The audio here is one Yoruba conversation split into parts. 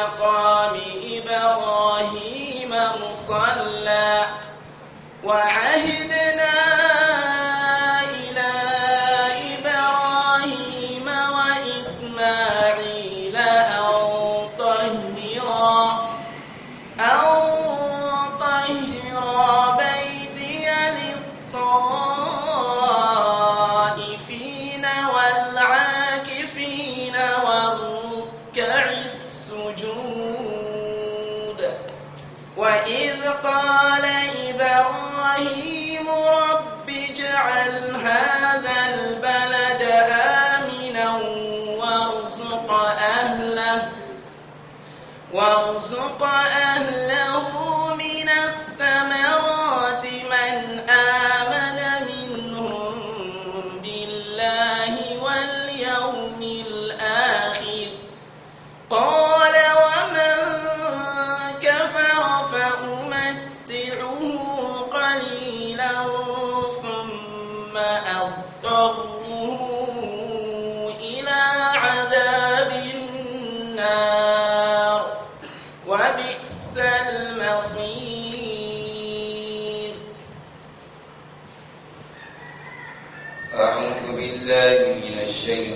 مقام إبراهيم مصلى وعهد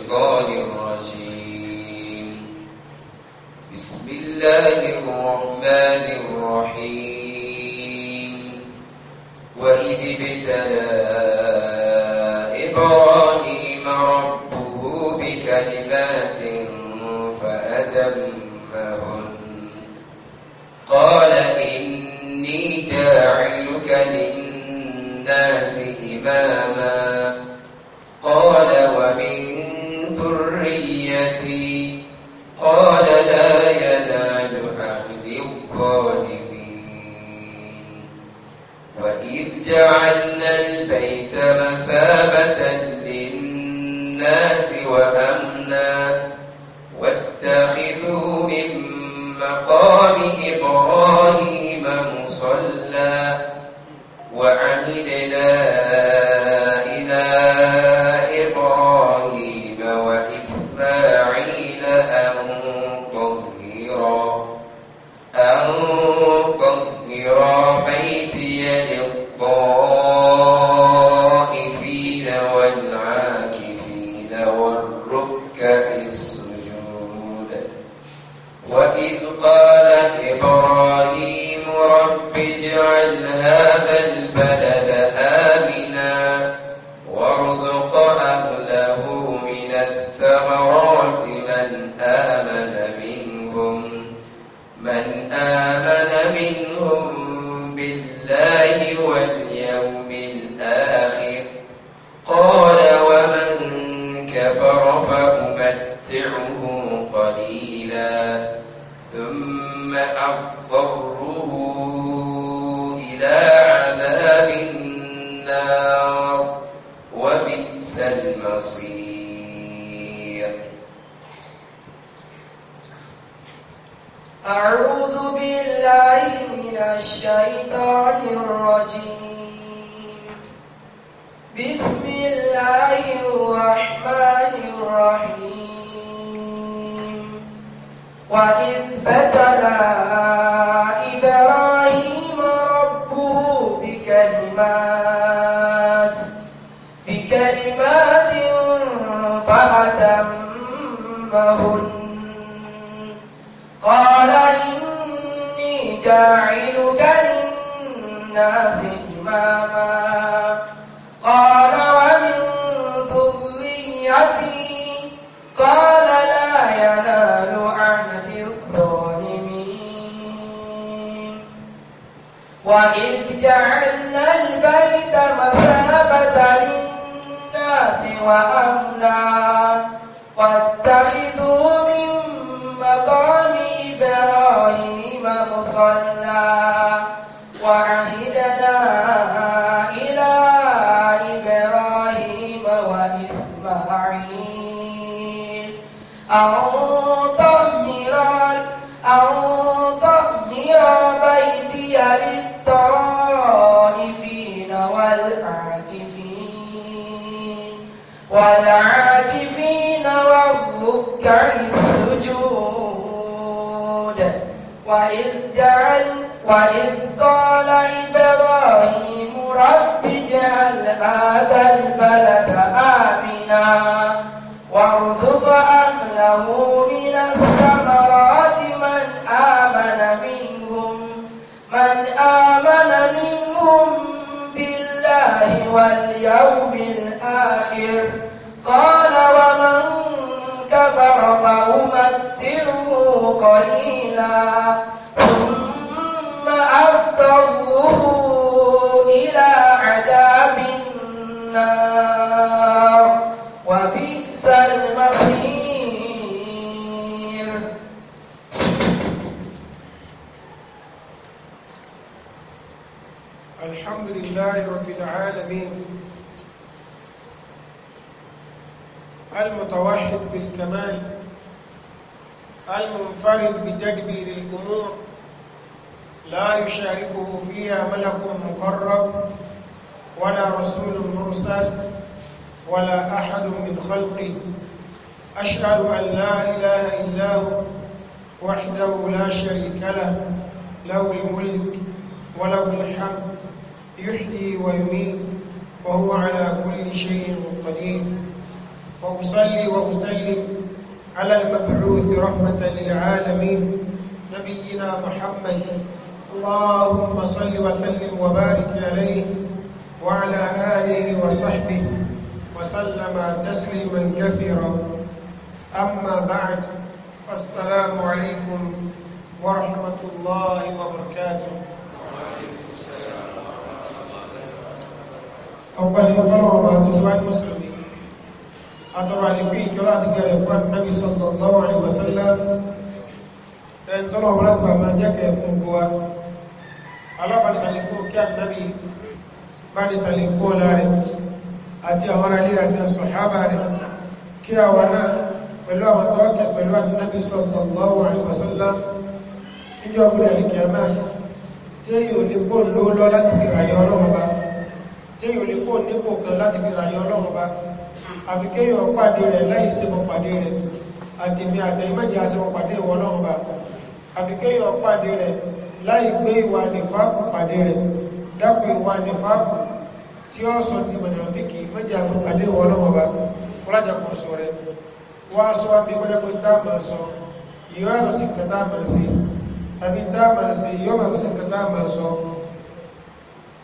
الشيطان الرجيم بسم الله الرحمن الرحيم وإذ ابتلى إبراهيم ربه بكلمات فأتمهن قال إني جاعلك للناس إماما قال وأمنا واتخذوا من مقام المصير أعوذ بالله من الشيطان الرجيم بسم الله الرحمن الرحيم وإذ بتلى للناس إماما قال ومن ذريتي قال لا ينال عهد الظالمين وإذ جعلنا البيت مثابة للناس وأمنا 40 النار وبئس المصير الحمد لله رب العالمين المتوحد بالكمال المنفرد بتدبير الأمور لا يشاركه فيها ملك مقرب ولا رسول مرسل ولا أحد من خلقي أشهد أن لا إله إلا هو وحده لا شريك له له الملك وله الحمد يحيي ويميت وهو على كل شيء قدير وأصلي وأسلم على المبعوث رحمة للعالمين نبينا محمد اللهم صل وسلم وبارك عليه وعلى آله وصحبه وسلم تسليما كثيرا أما بعد فالسلام عليكم ورحمة الله وبركاته أول يفرع بعد سواء المسلمين أترى لكي جرات قال النبي صلى الله عليه وسلم أن ترى مرتبة ما جاك يفهم بوا الله بنسى لكي كان النبي báni sàlẹ̀kọ́ ọlá rẹ̀ àti àwọn ará ilé àti sàhábà rẹ̀ kí àwọn náà pẹ̀lú àwọn tọ́ọ̀kẹ̀ pẹ̀lú ànábì sallallahu alaihi wasallam níjọ́ ọ̀gbìn àlìkìyàmá tí yóò lè pò ń lówó lọ láti fi ràyọ ọlọ́run bá tí yóò lè pò nípò kan láti fi ràyọ ọlọ́run bá àfi kéèyàn láì gbé ìwà nìfà pàdé rẹ̀ dákùn ìwà nífàákù tí ó sọ ní mọ̀nàfíkì mẹ́jẹ àgbẹ̀pàdé wọ ọlọ́mọba kọlájàkùn sọ rẹ̀ wá sọ wá bí kọjá pé tá máa sọ yóò yàtọ̀ sí nǹkan tá máa ṣe tàbí tá máa ṣe yóò yàtọ̀ sí nǹkan tá máa sọ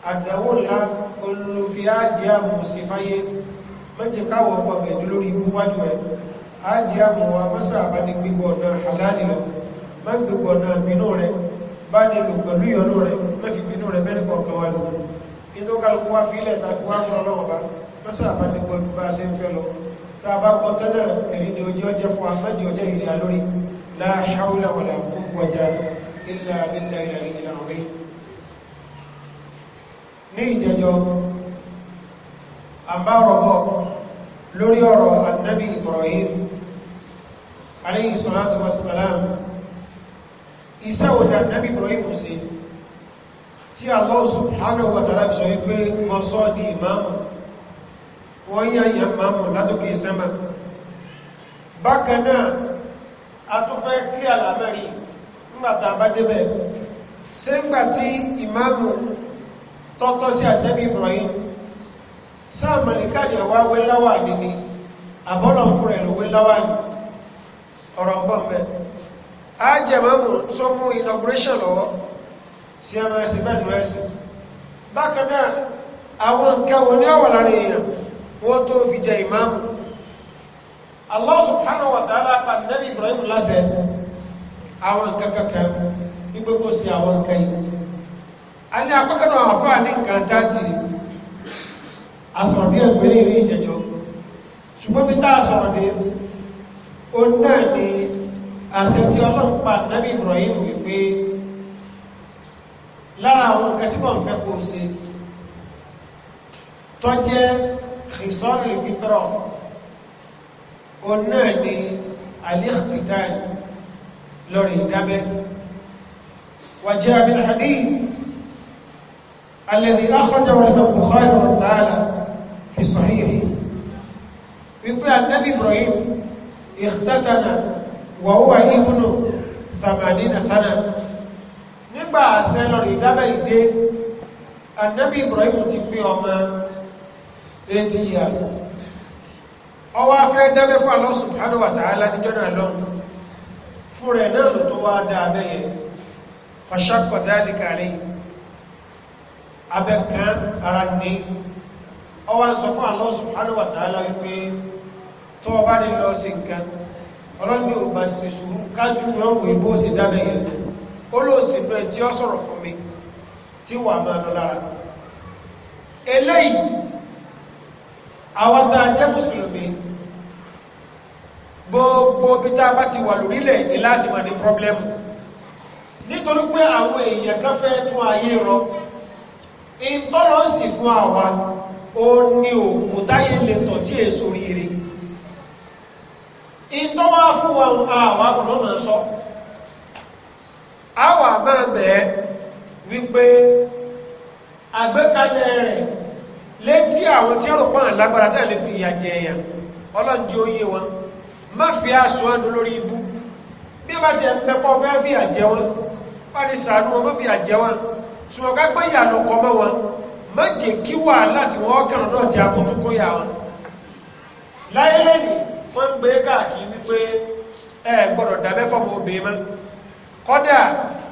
àdánwò ńlá olùfi ájì sí fáyé mẹ́jẹ káwọ̀ gbọ̀gbẹ̀ lórí ibú wájú rẹ̀ bá nílò pẹ̀lú ìyọnú rẹ̀ mẹ́fì gbinú rẹ̀ mẹ́rin kọ̀ọ̀kan wá lò ní tó kálukú wá fílẹ̀ tá fi wá ń rán lọ́wọ́ bá mọ́sá bá ní gbọ́dú bá ṣe ń fẹ́ lọ tá a bá gbọ́ tẹ́lẹ̀ èyí ni ojú ọjọ́ fún afẹ́jì ọjọ́ ìrìn lórí la hawla wala quwwata iṣẹ́ wo ni ànábì Ibrahim ṣe tí Allah subhanahu wa ta'ala fi sọ wípé wọ́n sọ́ di ìmáàmù wọ́n yá ìyá ìmáàmù látòkè sẹ́mà bákan náà a tún fẹ́ kí àlámẹ́rí ńgbàtà bá débẹ̀ ṣé ńgbà tí ìmáàmù tọ́tọ́ sí ànábì Ibrahim sáà màlìkà ni àwa àbọ́lọ̀ fúnra ẹ̀ ọ̀rọ̀ ń bọ̀ ajẹ̀mọ́mù tó mú inauguration lọ́wọ́ sí ẹmọ ẹ̀sìn bẹ́ẹ̀ lọ́wọ́ ẹ̀sìn bákan náà àwọn nǹkan wo ní ọ̀wọ̀ lára èèyàn wọ́n tó fi jẹ ìmáàmù Allah subhanahu wa ta'ala pa Nabi Ibrahim láṣẹ àwọn nǹkan kankan wípé kó sí àwọn nǹkan yìí a ní apákanà àfáà ní nǹkan táàtì asọ̀rọ̀ díẹ̀ pẹ̀lú ìrìn ìjẹjọ ṣùgbọ́n bí tá a sọ̀rọ̀ dé òun náà ni àṣẹ tí ọlọ́run pa nábì Ibrahim wípé lára àwọn nǹkan tí wọ́n fẹ́ kó ṣe tọ́jẹ́ kìsọ́nù ìfitrọ̀ òun náà ni alíkhtitán lórí ìdábẹ́ wàjẹ́ abilhadi alẹ́ni akọjọwọ́ ìmọ̀ Bukhari tààlà fi sahihi wípé ànábì Ibrahim ikhtatana wàhúwà ibùnú thamani nasana nígbà àṣẹ lọ rí dábẹ́ ìdé anabi ibrahim ti pé ọmọ 80 years ọwọ́ afẹ́ dábẹ́ fún Allah subhanahu wa ta'ala ní jọ́nà lọ́nà fún rẹ̀ náà ló tó wá dábẹ́ yẹn fashakọ̀ dhalika alayhi ara ní ọwọ́ ń sọ fún Allah subhanahu wa ta'ala wípé tó bá ní sí nǹkan ọlọ́ni ò bá sì sùúrù kájú náà wò bó sì dábẹ̀ yẹn ó lò sí bẹ́ẹ̀ tí ó sọ̀rọ̀ fún mi tí wà máa lọ lára eléyìí àwọn tá a jẹ́ mùsùlùmí gbogbo bí tá a bá ti wà lórílẹ̀ ní láti wà ní pọ́blẹ́mù nítorí pé àwọn èèyàn kan fẹ́ tún ayé rọ ìtọ́lọ́sì fún àwa ó ní òògùn táyé lè tọ̀ tí èso rí rí ìtọ́ wá fún wọn àwọn agbọ̀dọ̀ sọ wípé àgbékalẹ̀ rẹ̀ létí àwọn tí ọ̀rọ̀ pọ̀n lágbára tí a lè fi ìyà jẹ wọn má fi aṣọ àdó lórí ibú bí ti fẹ́ fi wọn bá wọn má fi ìyà wọn gbé wọn má kí wọ́n wọ́n ń gbé káàkiri wípé ẹ gbọ́dọ̀ dábẹ́ fọ́mọ obìnrin mọ́ kọ́dà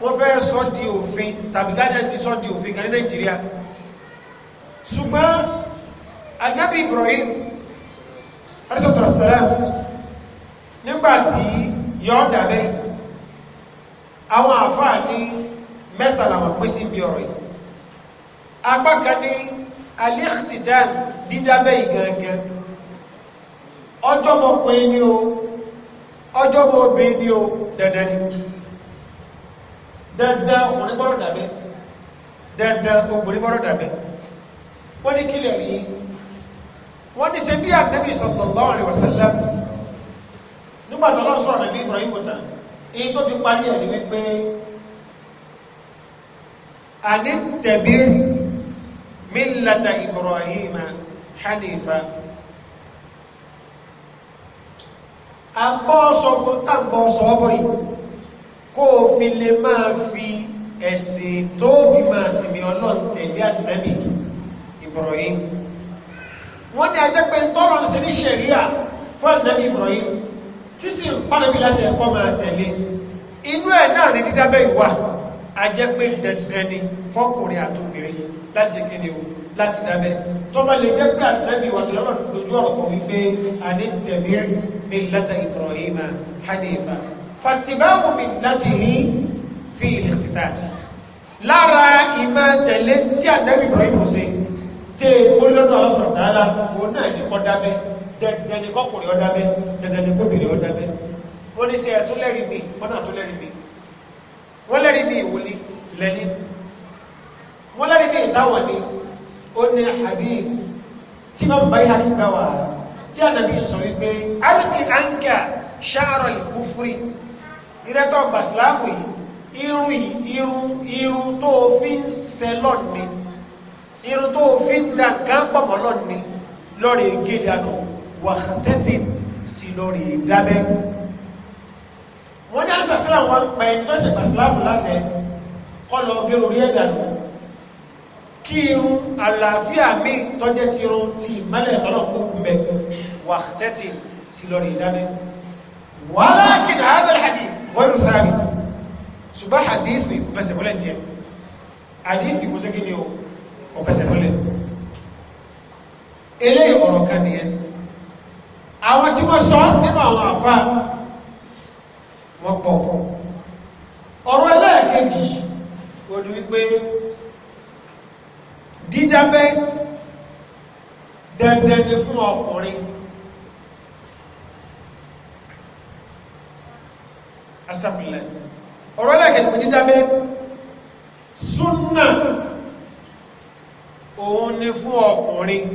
wọ́n fẹ́ sọ di òfin tàbí gánà ti sọ di òfin kan ní ṣùgbọ́n anabi ibrahim alayisalaatu wasalaam nígbà tí yọ̀ọ́ dábẹ́ àwọn àfáà ní mẹ́ta làwọn pín sí ibi ọ̀rọ̀ yìí apá kan ní alíkìtìtàn dídábẹ́ ìgangan ọjọ́bọ̀kùnrin ni o ọjọ́bọ̀ obìnrin ni o dandan ni dandan ọkùnrin gbọ́dọ̀ dàbẹ́ dandan obìnrin gbọ́dọ̀ dàbẹ́ wọ́n ní kílẹ̀ rí wọ́n ní ṣe bí ànábì sallallahu alaihi wasallam nígbà tó lọ́n sọ̀rọ̀ nàbí Ibrahim kò tán èyí tó fi parí ẹ̀ ni wípé àní tẹ̀bí millata Ibrahim hanifa abọ́ọ̀sọ̀gbọ́n tàbọ́ọ̀sọ̀ ọbọ̀ yìí kó o fi lè máa fi ẹ̀sìn tó fi máa sinmi ọlọ́run tẹ̀lé ànábì Ibrahim wọ́n ní ajẹ́ pé tọ́rọ ń sin ní ṣẹ̀ríà fún ànábì Ibrahim tí sì ń pàdébí láti ẹ̀kọ́ máa tẹ̀lé inú ẹ̀ náà ní dídábẹ́ ìwà ajẹ́ pé dandan ni fọ́kùnrin àtòbìnrin láti kéde o láti dábẹ́ tọ́ba lè jẹ́ pé ànábì wà tìlọ́mà lójú ọ̀rọ̀ kan wípé àní tẹ̀mí millata ibrahima hanifa fatibawo millatihi fi al-iqtital lára ìmọ̀ tẹ̀lé tí ànábì ibrahima ṣe tẹ orílẹ̀-èdè aláṣọ tààlà òun náà ní kọ́ dábẹ́ dandan ní kọ́kùnrin ọ̀dábẹ́ wọ́n lẹ́rìí mi ìtawọ̀ ni ó ní hadith tí ma bàbá yìí hakí gbà wá tí ànàbí ń sọ wípé alìkí àǹkà ṣáàrọ̀ lè kú fúri ìrẹ́tọ̀ gbàsíláàmù yìí irun irun irun tó fi ń sẹ lọ́ni irun tó fi ń da nǹkan pọ̀pọ̀ lọ́ni lọ́rẹ̀ ègé dànù wàhátẹ́tì sí lọ́rẹ̀ dábẹ́ wọ́n ní àlùsàsílà wọn pẹ̀lú tó ṣe gbàsíláàmù lásẹ̀ kọ́ lọ gẹ́rù rí ẹ̀dànù kí irun àlàáfíà mi tọ́jẹ́ ti irun ti ìmọ́lẹ̀ tọ́lọ̀ kó kú mẹ́ wà tẹ́tì sí lọ́rọ̀ ìdámẹ́ walakin hadha alhadith ghayru thabit ṣùgbọ́n hadith kò fẹsẹ̀ mọ́lẹ̀ tiẹ̀ hadith kò sẹ́kì ni o kò fẹsẹ̀ mọ́lẹ̀ eléyìí ọ̀rọ̀ kan nìyẹn àwọn tí wọ́n sọ nínú àwọn àfa wọ́n pọ̀ ọ̀rọ̀ ẹlẹ́ẹ̀kejì ó wípé dídábẹ́ dandan ni fún ọkùnrin asafilẹ ọ̀rọ̀ ẹlẹ́gẹ̀ẹ́ pé dídábẹ́ súnà òun ni fún ọkùnrin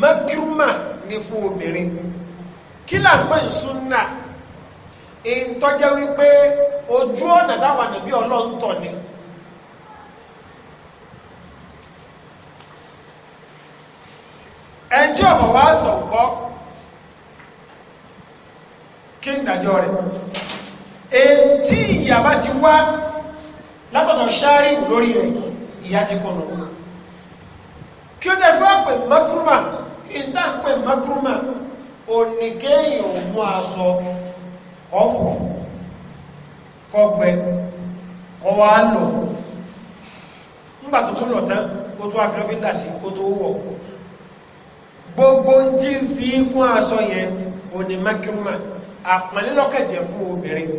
mẹ́kírúmà ni fún obìnrin kí là ń èyí tọ́jẹ́ wípé ojú ọ̀nà táwọn ànàbí ọlọ́ntọ̀ ni. ẹjọ́ ọ̀bọ̀ wá tọ̀kọ́ kí ìdájọ́ rẹ̀ etí ìyà bá ti wá látọ̀nà ṣáárí lórí rẹ̀ ìyà ti kọ̀nà kí ó tẹ́fẹ́ wá pè mọ́kúrúmà ìta pè mọ́kúrúmà oníkéyìn mú aṣọ ọ̀fọ̀ kọgbẹ kọwa lọ nígbà tó tún lọ tán tó wá fi sí kó tó wọ̀ gbogbo ń tí ń fi kún aṣọ yẹn òní mákírúmà àpọ̀nlélọ́kẹ̀jẹ̀ fún obìnrin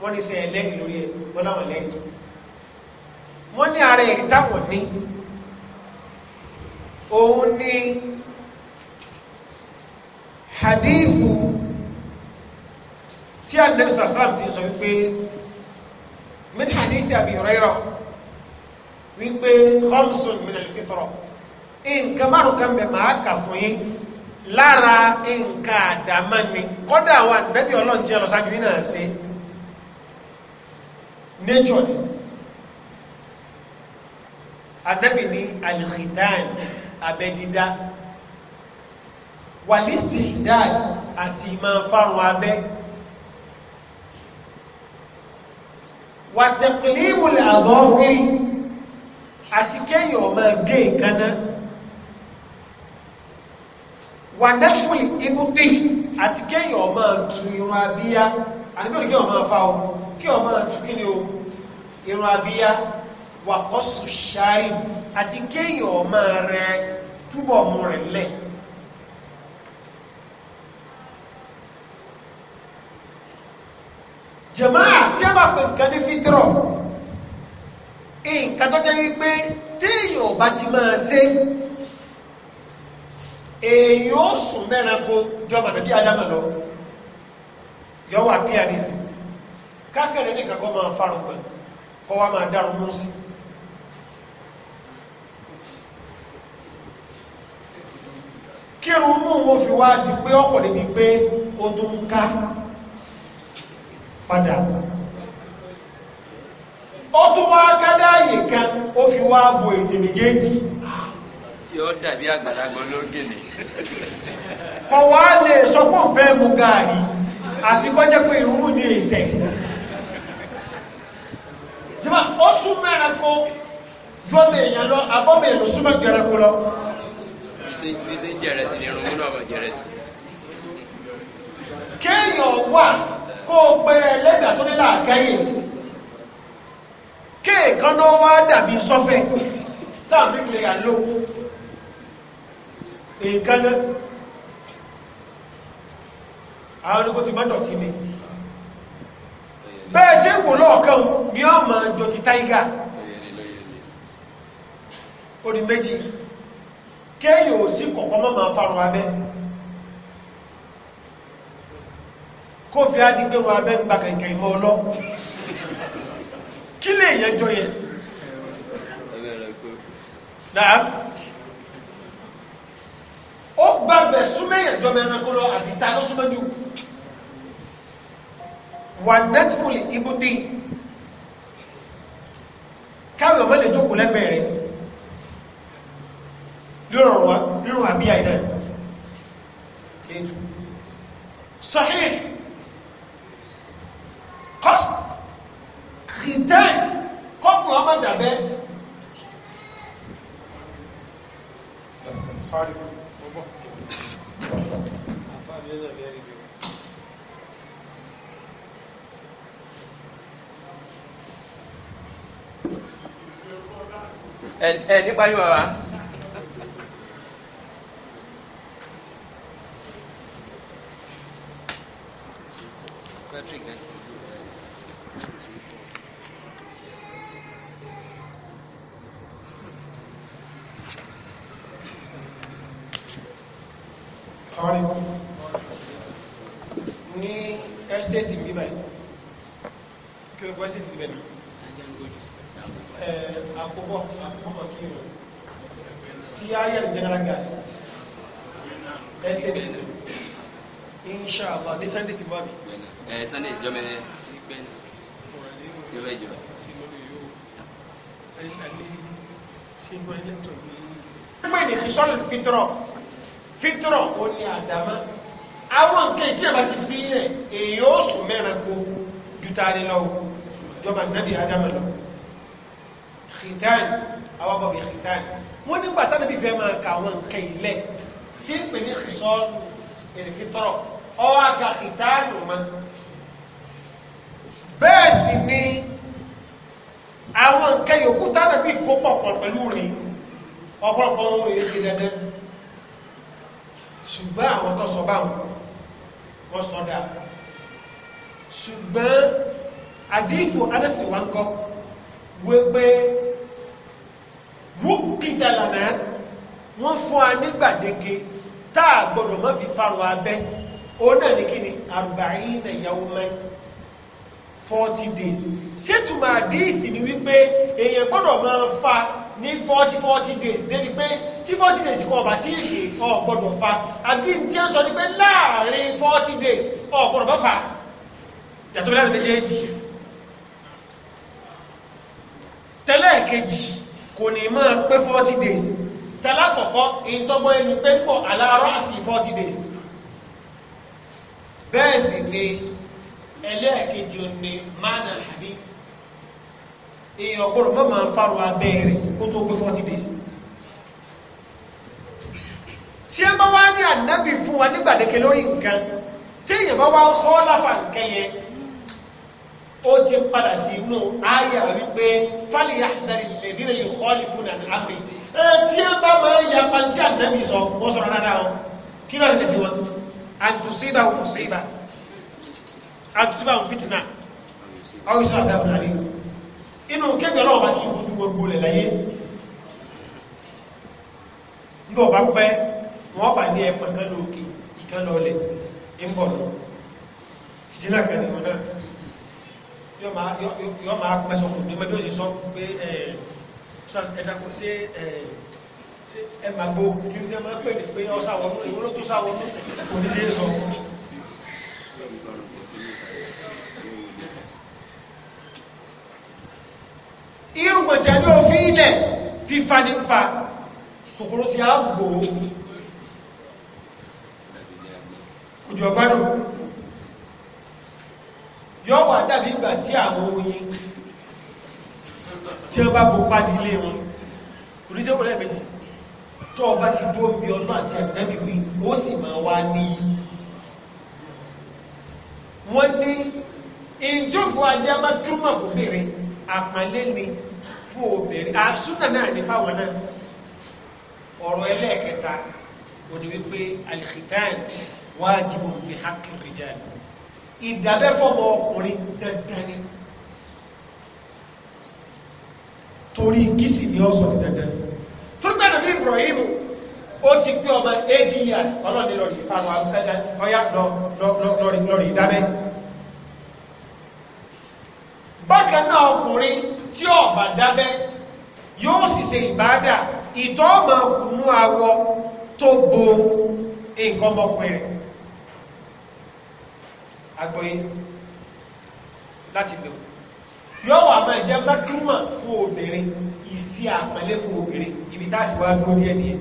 wọ́n ní sẹ́yìn lẹ́yìn lórí ẹ̀ wọ́n láwọn lẹ́yìn wọ́n ní ara ẹ̀rí táwọn ní òun ní hadithu tí a nẹ́bí sàlám ti sọ wípé min hadithi Abi Hurairah wípé khamsun min al nǹkan márùn kan bẹ̀ máa kà fún yín lára nǹkan àdámọ́ ni kọ́dà àwọn ànábì ọlọ́run tí ẹ lọ sáájú yín náà ṣe nature ni ànábì ní alkhitan abẹ́dídá walistihdad àti máa fárun abẹ́ wàtẹ̀kìlímù àbọ̀fírí àti kéèyàn máa gé nǹkan wà nẹ́fùlì ibùdí àti kéèyàn ọmọ tu irun abíyá àníbí òní kéèyàn ọmọ fa o kéèyàn ọmọ tu kí ni o irun abíyá wà kọ́sù ṣáárì àti kéèyàn ọmọ rẹ túbọ̀ mu rẹ̀ lẹ̀. jàmáà tí a bá pè nǹkan ní fítírọ̀ nǹkan tó jẹ́ wípé téèyàn ọba ti máa ṣe é èyí ó sùn mẹ́ranko jọba nàbí adama lọ yọwọ́ àpíà nìsí kákẹ́rẹ́ nìkan kọ́ máa farun pẹ̀ kọ́ wa máa dárun mú sí kírun mú wọn fi wá di pé ọ̀pọ̀ níbi pé o tún ń ká padà ó tún wá kádá yìí kan ó fi wá bo ètè méjèèjì yóò dàbí àgbàlagbà olóògè ni kọ̀ wá lè sọpọ̀ fẹ́ mú gààrí àfi kọ́ jẹ́ pé ìrúnmù ní ìsẹ̀ jẹ́mà ó súnmọ́ ẹranko ju ọmọ èèyàn lọ abọ́mọ èèyàn ló súnmọ́ ju ẹranko lọ. bí ṣe ń jẹrẹsì ni irun náà máa jẹrẹsì. kéèyàn wà kó o pẹrẹ ẹlẹ́dàá tó ní làákàyè kéèkan náà wá dàbí sọ́fẹ̀ táwọn bí kìlẹ̀ yà ló nǹkan náà àwọn oníkó ti mọ́dọ̀ tí ní bẹ́ẹ̀ ṣe wò lọ́ọ̀kan ní ọmọ jọ ti táígà ó di méjì kéèyàn ò sí kọ̀kọ́ mọ́ máa farun abẹ́ kó fi adigbèrò abẹ́ gba kẹ̀kẹ́ ìmọ̀ ọlọ́ kí lè yẹn jọ yẹn náà ó gba bẹ̀ súnmẹ́yìn ìjọba ẹranko lọ àdìta ló súnmẹ́jù wà nẹ́tfùlì ibùdí káwé ọmọ lè jókòó lẹ́gbẹ̀ẹ́ rẹ̀ lórọ̀ wa rírun àbí àìdá ètò sahih kọ́sì kìtẹ́ kọ́kùnrin ọmọ dàbẹ́ sorry ẹ ẹ nípa yín bàbá. arba'ina yawman forty days ṣètùmọ̀ àdéhìsì ni wípé èèyàn gbọ́dọ̀ máa fa ní forty forty days débi pé tí forty days kan ọba tí èèkàn ọ̀gbọ́dọ̀ fa àbí tí ń sọ ni pé láàrin forty days ọ̀gbọ́dọ̀ bá fa yàtọ̀ bí láàrin méjèèjì tẹ́lẹ̀ kejì kò ní máa pé forty days tẹ́lẹ̀ àkọ́kọ́ èyí tọ́gbọ́n ẹni pé pọ̀ aláàárọ̀ àsì forty days bẹ́ẹ̀ sì ni ẹlẹ́ẹ̀kejì òní mana hadith èèyàn gbọ́dọ̀ mọ́ máa fárò abẹ́ rẹ̀ kó tó gbé forty days tí ẹ bá wá ní ànábì fún wa nígbàdéke lórí nǹkan tí èèyàn bá wá ń kọ́ láfa nǹkan yẹn ó ti padà sí inú àyà wípé fálì àdàrí lèdí lè kọ́ lè fún àná àpè tí ẹ bá máa ń yapa tí ànábì sọ wọ́n sọ̀rọ̀ dáadáa kí ló ṣe lè sí wọn an tusiba musiba an tusiba fitina aw yusufu adamu ali inú kébì ọlọ́wọ́ bá kí n fojú gbogbo rẹ̀ láyé ní ọba pẹ́ wọ́n bá ní ẹ̀pà kan lóòkè ìkan lọ́ọ̀lẹ̀ ń bọ̀ lọ fìtínà kan ní ọ̀nà yọ máa pẹ́ sọkùn ní mẹ́bí ó sì sọ pé ẹ̀ẹ́dàkùn sí ẹ̀ẹ́ ṣé ẹ máa gbó kí ní ẹmọ pè ní pé ọ sáwọnú ìwọ ló tó sáwọnú kò ní ṣe sọ. irùngbọ̀n tí a ní òfin ilẹ̀ fífa ní fa kòkòrò tí a gbò ó òjò ọgbádùn yọ wà dàbí ìgbà tí àwọn oyin tí wọ́n bá bo padì ilé wọn kò ní sẹ́wọ̀n lẹ́ẹ̀mejì tó ọba ti bó mi ọ̀nà àti ànábì wí ó sì máa wá níyì wọ́n ní ìjọ́fọ̀ ajé a máa túmọ̀ fòbìnrin àpàlẹ́ ni fún obìnrin àsúnà ah, náà ní fáwọn náà ọ̀rọ̀ ẹlẹ́ẹ̀kẹta ò ní wípé alikitan wájibu fi hakki rijal ìdábẹ́fọ́mọ ọkùnrin dandan ni torí kìsì ni ó sọ ní dandan ni torípé nàbí Ibrahim ó ti pé ọmọ eighty years ọlọ́ọ̀ni lọ́ọ̀rì ìfanu abúlé ọ̀yá lọ́ọ̀rì ìdábẹ́. bákan náà ọkùnrin tí ọba dábẹ́ yóò sì ṣe ìbádà ìtọ́ ọmọ kùnú awọ tó bo nǹkan ọmọkùnrin rẹ̀ agbóyé láti lò yóò wà máa jẹ́ mákírùmà fún obìnrin. Isi àpẹẹlẹ fún obìnrin ibi tá àti wá dúró díẹ̀ nìyẹn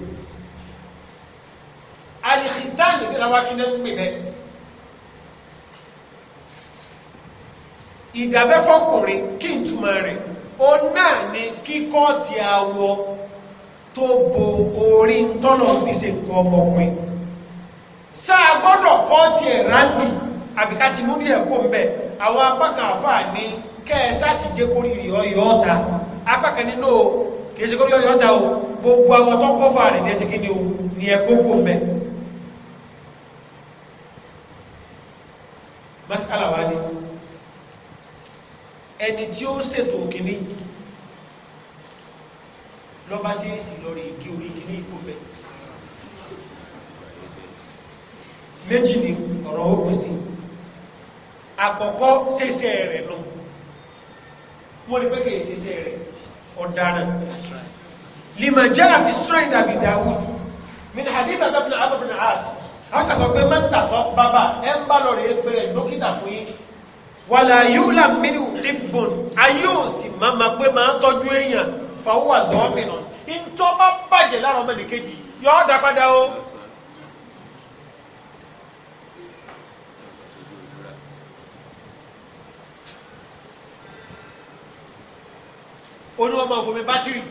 alikitan ní ìlànà wákìlẹ̀ ń pè bẹ́ẹ̀ ìdábẹ́fọ́kùnrin kí n túmọ̀ rẹ̀ ó náà ní kíkọ́ ti awọ tó bo orí tọ́lọ̀ fi ṣe nǹkan ọmọkùnrin sáà gbọ́dọ̀ kọ́ ti ẹ̀ ráńdì àbíká ti mú díẹ̀ kó ń bẹ̀ àwọn apá kan àfáà ní kẹ́ẹ̀sá ti gé kórìrì ọyọ́ ọ̀ta apákan nínú o kìí ṣe gómìnà yọ́ta o gbogbo àwọn tó kọ́fà rẹ̀ ní ẹsẹ̀ kíni o ní ẹ̀kọ́ kò mẹ́ masala wa ni ẹni tí ó ṣètò kini. Lo ṣe é sì lórí igi orí kìíní ìkó bẹ̀ méjì ni ọ̀rọ̀ ó pèsè àkọ́kọ́ ṣẹṣẹ rẹ̀ lọ wọ́n rí pé kìí ṣẹṣẹ rẹ̀ ọ̀daràn lima jaa fi sunan dàbí dawud min hadith abdul abdul as àwọn sàṣọ pé mẹ́ta tó bàbá ẹ ń bá lọ́ọ̀rì ẹ pèrè dókítà fún yín wàlà yóò là mínú ìbùn ayé ò sì máa ma pé máa tọ́jú èèyàn fàwọn àdọ́mìnà ntọ́ bá bàjẹ́ lára ọmọ yọ ọ́ dá padà o. ó ní wọ́n máa fomi bátìrì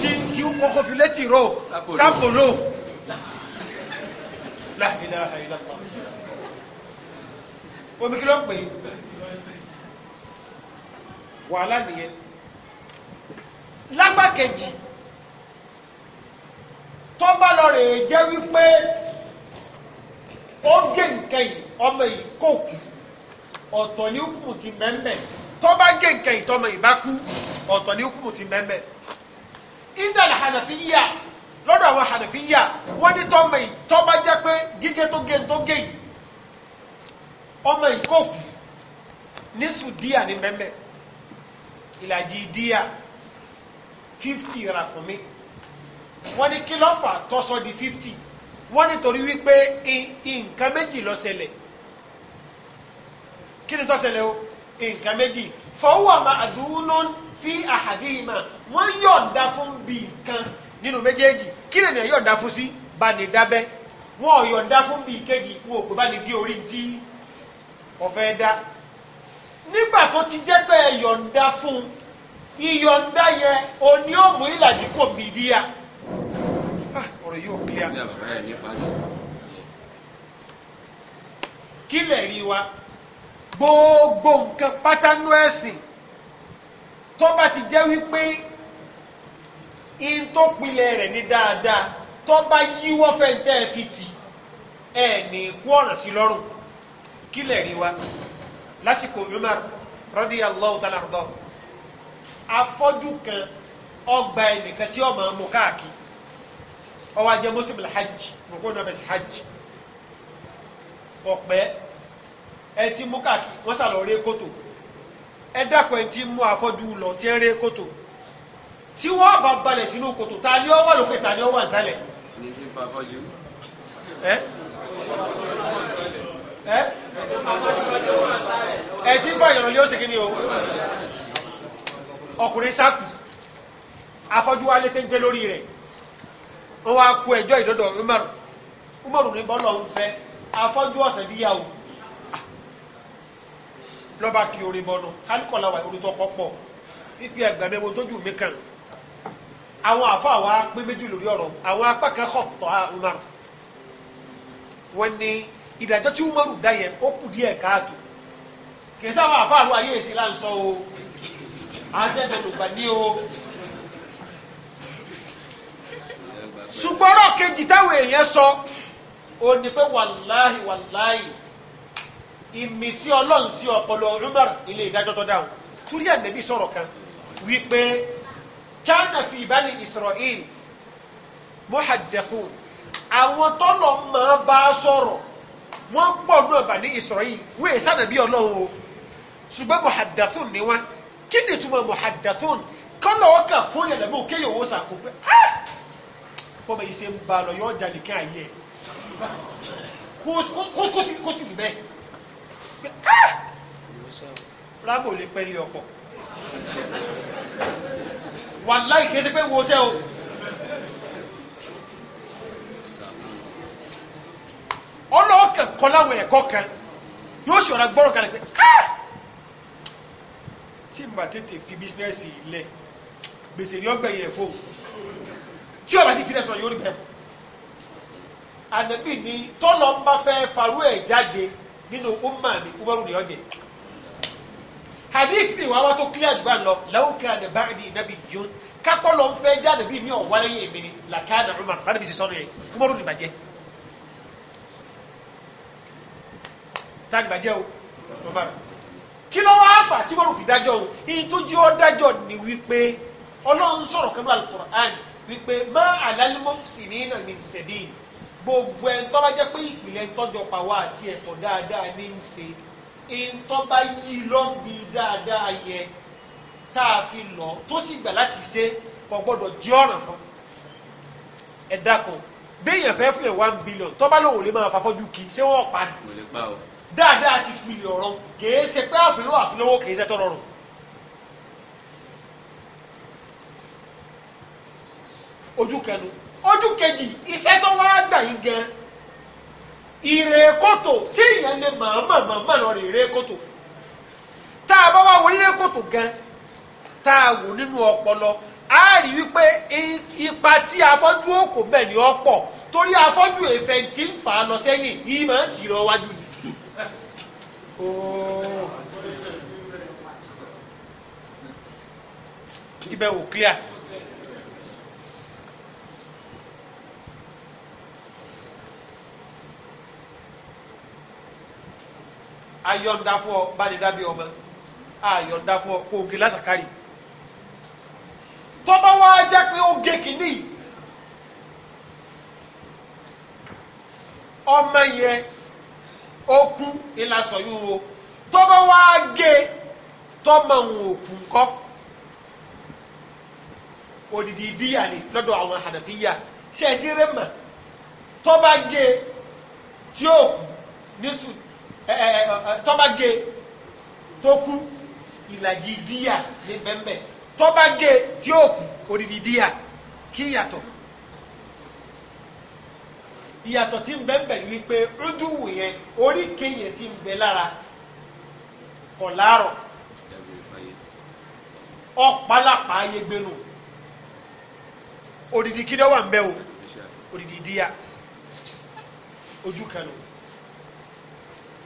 sí kí ó kọ́kọ́ fi létí ró sápòló omi kí ló pè é wàhálà nìyẹn lágbà kejì tó bá lọ rè jẹ́ wípé ó gé nǹkan yìí ọmọ yìí kò kù ọ̀tọ̀ ní kùtì mẹ́mẹ́ tó bá gé nǹkan ìtọ́mọ ìbá kú ọ̀tọ̀ ní hukumu ti mẹ́mẹ́ indal hanafiya lọ́dọ̀ àwọn hanafiya wọ́n ní tọ́mọ ìtọ́ bá jẹ́ pé gígé tó gé tó gé yìí ọmọ ìkókù ní sùdíà ní mẹ́mẹ́ ìlàjì díà fifty ràkúnmí wọ́n ní kí lọ́fà tọ́sọ di fifty wọ́n nítorí wípé nǹkan méjì ló ṣẹlẹ̀ kí ni tó o nǹkan méjì fọwọ́ àmà àdúró fi àhàdé yìí mà wọ́n yọ̀ǹda fún bí nǹkan nínú méjèèjì kí lè nìyẹn yọ̀ǹda fún sí bá ní dábẹ́ wọn ò yọ̀ǹda fún bí kejì wọn ò pè bá ní gé orí tí ọ̀fẹ́ dá nígbà tó ti jẹ́ pé yọ̀ǹda fún ìyọ̀ǹda yẹn òní òmù ìlàjì kò bì díya ah, ọ̀rọ̀ yóò kíá kí lè rí wa gbogbo nǹkan pátánú ẹ̀sìn tó bá ti jẹ́ wípé in tó pilẹ̀ rẹ̀ ní dáadáa tó bá yíwọ́ fẹ́ǹtẹ́ ẹ fi tì ẹ ní kú ọ̀nà sí lọ́rùn kí lè rí wa lásìkò Umar radiyallahu ta'ala anhu afọ́jú kan ọgbà ẹnìkan tí ọmọ mú káàkiri ọwọ́ ajẹ́ mọ́sibìlì hajj mọ̀kó náà bẹ̀sì hajj ọ̀pẹ́ ẹ ti mú káàkiri wọ́n sà lọ ré kòtò ẹ dákọ̀ ẹ ti mú afọ́jú lọ tí ẹ ré kòtò tí wọ́n bá balẹ̀ sínú kòtò ta ni ó wà lókè ta ni ó wà nsàlẹ̀. ẹ ti ń fa lé ọ̀sẹ̀ kìíní o ọkùnrin sáàkù afọ́jú wa lé téńté lórí rẹ̀ wọ́n wá kó ẹjọ́ ìdọ́dọ̀ Umar Umar ní bọ́lọ̀ ń fẹ́ afọ́jú ọ̀sẹ̀ bíyà lọ́ba kí orin bọ́nu kálíkọ̀lá wà orin tó kọ́ pọ̀ pípí ẹgbẹ́ mẹ́wo tójú mi kàn àwọn àfáà wa pé méjì lórí ọ̀rọ̀ àwọn apá kan kọ̀ tọ́ Umar wọ́n ní ìdájọ́ tí Umar dá yẹn ó kù díẹ̀ káàtó kì í sáwọn àfáà ayé èsì là ń sọ o àjẹbẹ̀lùgbà ní o ṣùgbọ́n ọ̀rọ̀ kejì táwọn èèyàn sọ ò ní pé wàláhì wàláhì ìmísí ọlọ́run sí ọpọlọ Umar ilé ìdájọ́ tó dáhùn torí ànẹ́bí sọ̀rọ̀ kan wípé kánà fi bani Israel muhaddathun àwọn tọ́lọ̀ máa bá sọ̀rọ̀ wọ́n pọ̀ náà bani Israel wọ́n èsì ànẹ́bí ọlọ́run o ṣùgbọ́n muhaddathun ni wọ́n kí ni ìtumọ̀ muhaddathun kọ́nà ọkà fún yàrá bó kéèyàn owó sàkó pé ah! bọ́mọ yìí ṣe ń ba lọ yọ ọjà nìkan ayé ẹ̀ kó sì rí bẹ́ẹ̀ pé ah! ah! rábò lè pẹ́ ilé ọ̀pọ̀ wàláì kìí ṣe pé wo ṣẹ́ o. ọlọ́ọ̀kẹ́ kọ́láwọ̀ ẹ̀kọ́ kan yóò ṣọ̀ra gbọ́rọ̀ kalẹ̀ pé ah! tí n bá tètè fi bísínẹ́sì lẹ̀ gbèsè ni ọgbẹ́ yẹ fún tí ọba sì fi lẹ́tọ̀ yóò rí bẹ́ẹ̀ fún. àdẹ́bí ni tọ́lọ́ ń bá fẹ́ farú ẹ̀ jáde nínú umma mi umaru ni ọjẹ hadith ni wàá wá tó clear àdúgbò àlọ làwọn kan àdè báyìí nàbí yón kápọ́ lọ ń fẹ́ jáde bíi mi ò wáyé yé mi ni làkà nà umar bá níbi sísọ́nù yẹn umaru ni bàjẹ́ tá ni bàjẹ́ o umar kí ló wá fà tí umaru fi dájọ́ o ìyí tó jí ni wípé ọlọ́run sọ̀rọ̀ kanú alukur'an wípé má àlálímọ́ sì ní nàmí sẹ́bíì gbogbo ẹni tó bá jẹ́ pé ìpìlẹ̀ tọ́jọ́ pàwọ́ àti ẹ̀tọ́ dáadáa ní í ṣe ẹni tó bá yí lọ́bi dáadáa yẹ tá a fi lọ tó sì gbà láti ṣe kò gbọ́dọ̀ jẹ́ ọ̀ràn fún ẹ̀dá kan béèyàn fẹ́ fún ẹ̀ one billion tó bá lòun ò lè máa fa fọ́jú kí ṣé wọ́n pa ni dáadáa ti pìlẹ̀ ọ̀rọ̀ kìí ṣe pé àfihàn àfihàn kìí ṣe tọ́rọ̀rùn. ojú kẹnu ojú kejì iṣẹ́ tó wá gbà yín gan ìrè sí ìyẹn lè màmá màmá lọ rè rè tá a bá wá wọlé rè gan tá a wò nínú ọpọlọ a rí wípé ipa tí afọ́jú òkò bẹ́ẹ̀ ni ọ́ pọ̀ torí afọ́jú èèfẹ̀ tí ń fà á lọ sẹ́yìn yìí máa ń tì lọ wájú ni. ibẹ̀ wò clear. ayọ̀ǹda fún ọ bá ní dábì ọmọ ayọ̀ǹda fún ọ kó oge lásàkárì tọ́ba wá jẹ́ pé oge kìíní ọmọ yẹn ó kú ìlàsọ̀ yìí wo tọ́ba wá gé tọ́mọ òun òkú ńkọ́ odidi díyà ni lọ́dọ̀ àwọn Hànàfíyà ṣe é ti rẹ́ mọ̀ tọ́ba gé tí ó kú ní sùn. Eh, eh, eh, tọ́ba ge tó kú ìlàjì díyà ní bẹ́ńbẹ́ tọ́ba ge tí ó kú odidi díyà kí ìyàtọ̀ ìyàtọ̀ tí ń bẹ́ńbẹ́ ni wípé ọdúnwù yẹn oríkèé yẹn ti ń bẹ lára kọ̀ láàrọ̀ ọ̀pálàpá ayégbénu odidi kí ló wà ń bẹ o odidi díyà ojú kanu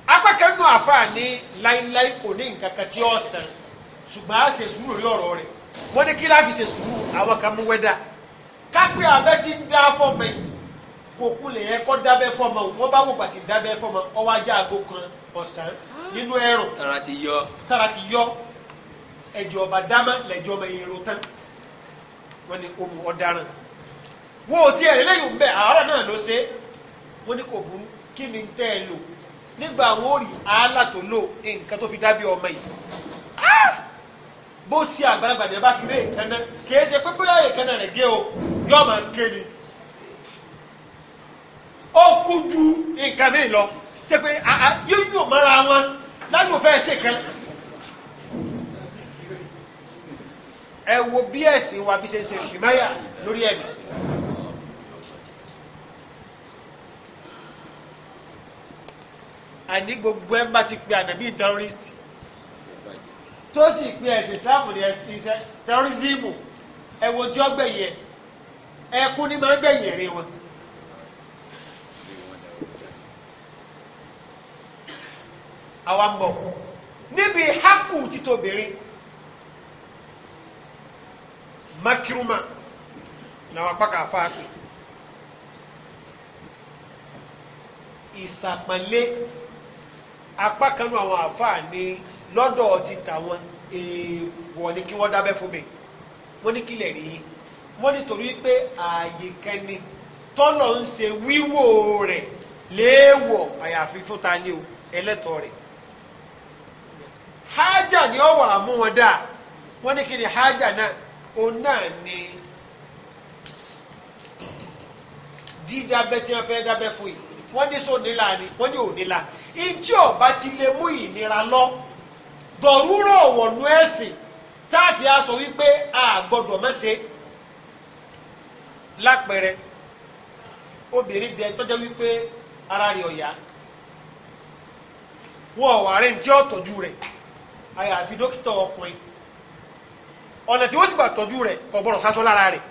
apákanu àfáà ní láíláí kò ní nǹkan kan tí ó san ṣùgbọ́n a ṣe sùúrù lórí ọ̀rọ̀ rẹ̀ wọ́n ní kí láfi ṣe sùúrù àwọn kan mú wẹ́dà kápẹ́ abẹ́ ti ń dá fọ́mọ kò kulẹ̀ yẹn kọ́ dábẹ́ fọ́mọ wọ́n bá wò pàtì dábẹ́ fọ́mọ ọwọ́ ajá àgbo kan ọ̀sán nínú ẹ̀rùn tara ti yọ tara ti yọ ẹ̀jẹ̀ ọba dámọ́ lẹ́jọ́ ọmọ èrò tán wọ́n ní omi ọ̀daràn wo ti ẹ̀rẹ́lẹ́yìn bẹ́ẹ̀ àárọ̀ náà ló ṣe wọ́n ní kò burú kí ni tẹ́ ẹ lò nígbà àwọn òrì àálà tó lò nǹkan tó fi dábí ọmọ yìí ah! bó ṣe àgbàlagbà ní ẹbá kiri èkánná kìí ṣe pé bóyá èkánná rẹ̀ gé o yóò máa ké ni ó kú ju nǹkan mi lọ tẹ pé yíyọ mọ́ra wọn láti mo fẹ́ ṣe kan ẹ wo bí ẹ̀sìn wa bí ṣe ń ṣe ìmáyà lórí ẹ̀mí. àní gbogbo ẹ̀ ń bá ti pe ànàbí terrorist tó sì pe ẹ̀sìn islam ní ẹ̀sìn terrorism ẹ̀wọ̀n tí ọgbẹ́ yẹ ẹkún ní máa ń gbẹ̀yìn rí wọn. àwa ń bọ̀ níbi hákù títóbìnrin makiruma làwọn apá kan ìsàpàlẹ́ apá kanu àwọn àáfàá ní lọ́dọ̀ ti tàwọn èèwọ̀ ni kí wọ́n dábẹ́ fún mi wọ́n ní kílẹ̀ rí wọ́n nítorí pé ààyè kẹni tọ́lọ̀ ń ṣe wíwò rẹ̀ léèwọ̀ àyàfi fún ta ni o ẹlẹ́tọ̀ rẹ̀ hájà ni ọ̀wọ̀ àmú wọn dà wọ́n ní kí ni hájà náà òun náà ni dídábẹ́ tí wọ́n fẹ́ dábẹ́ fún yìí wọ́n ní sónílà ni wọ́n ní ònílà ìjì ọba ti lè mú ìnira lọ dọ̀rúrọ̀ wọ̀nú ẹ̀sìn tá a fi aṣọ wípé a gbọ́dọ̀ mẹ́sẹ̀ lápẹẹrẹ obìnrin bẹ tọ́jọ́ wípé ara rẹ̀ ọ̀yá wọ́n wà rẹ̀ tí ó tọ́jú rẹ̀ àyàfi dókítà ọkùnrin ọ̀nà tí ó sì gbà tọ́jú rẹ̀ kò gbọ́dọ̀ sásọ lára rẹ̀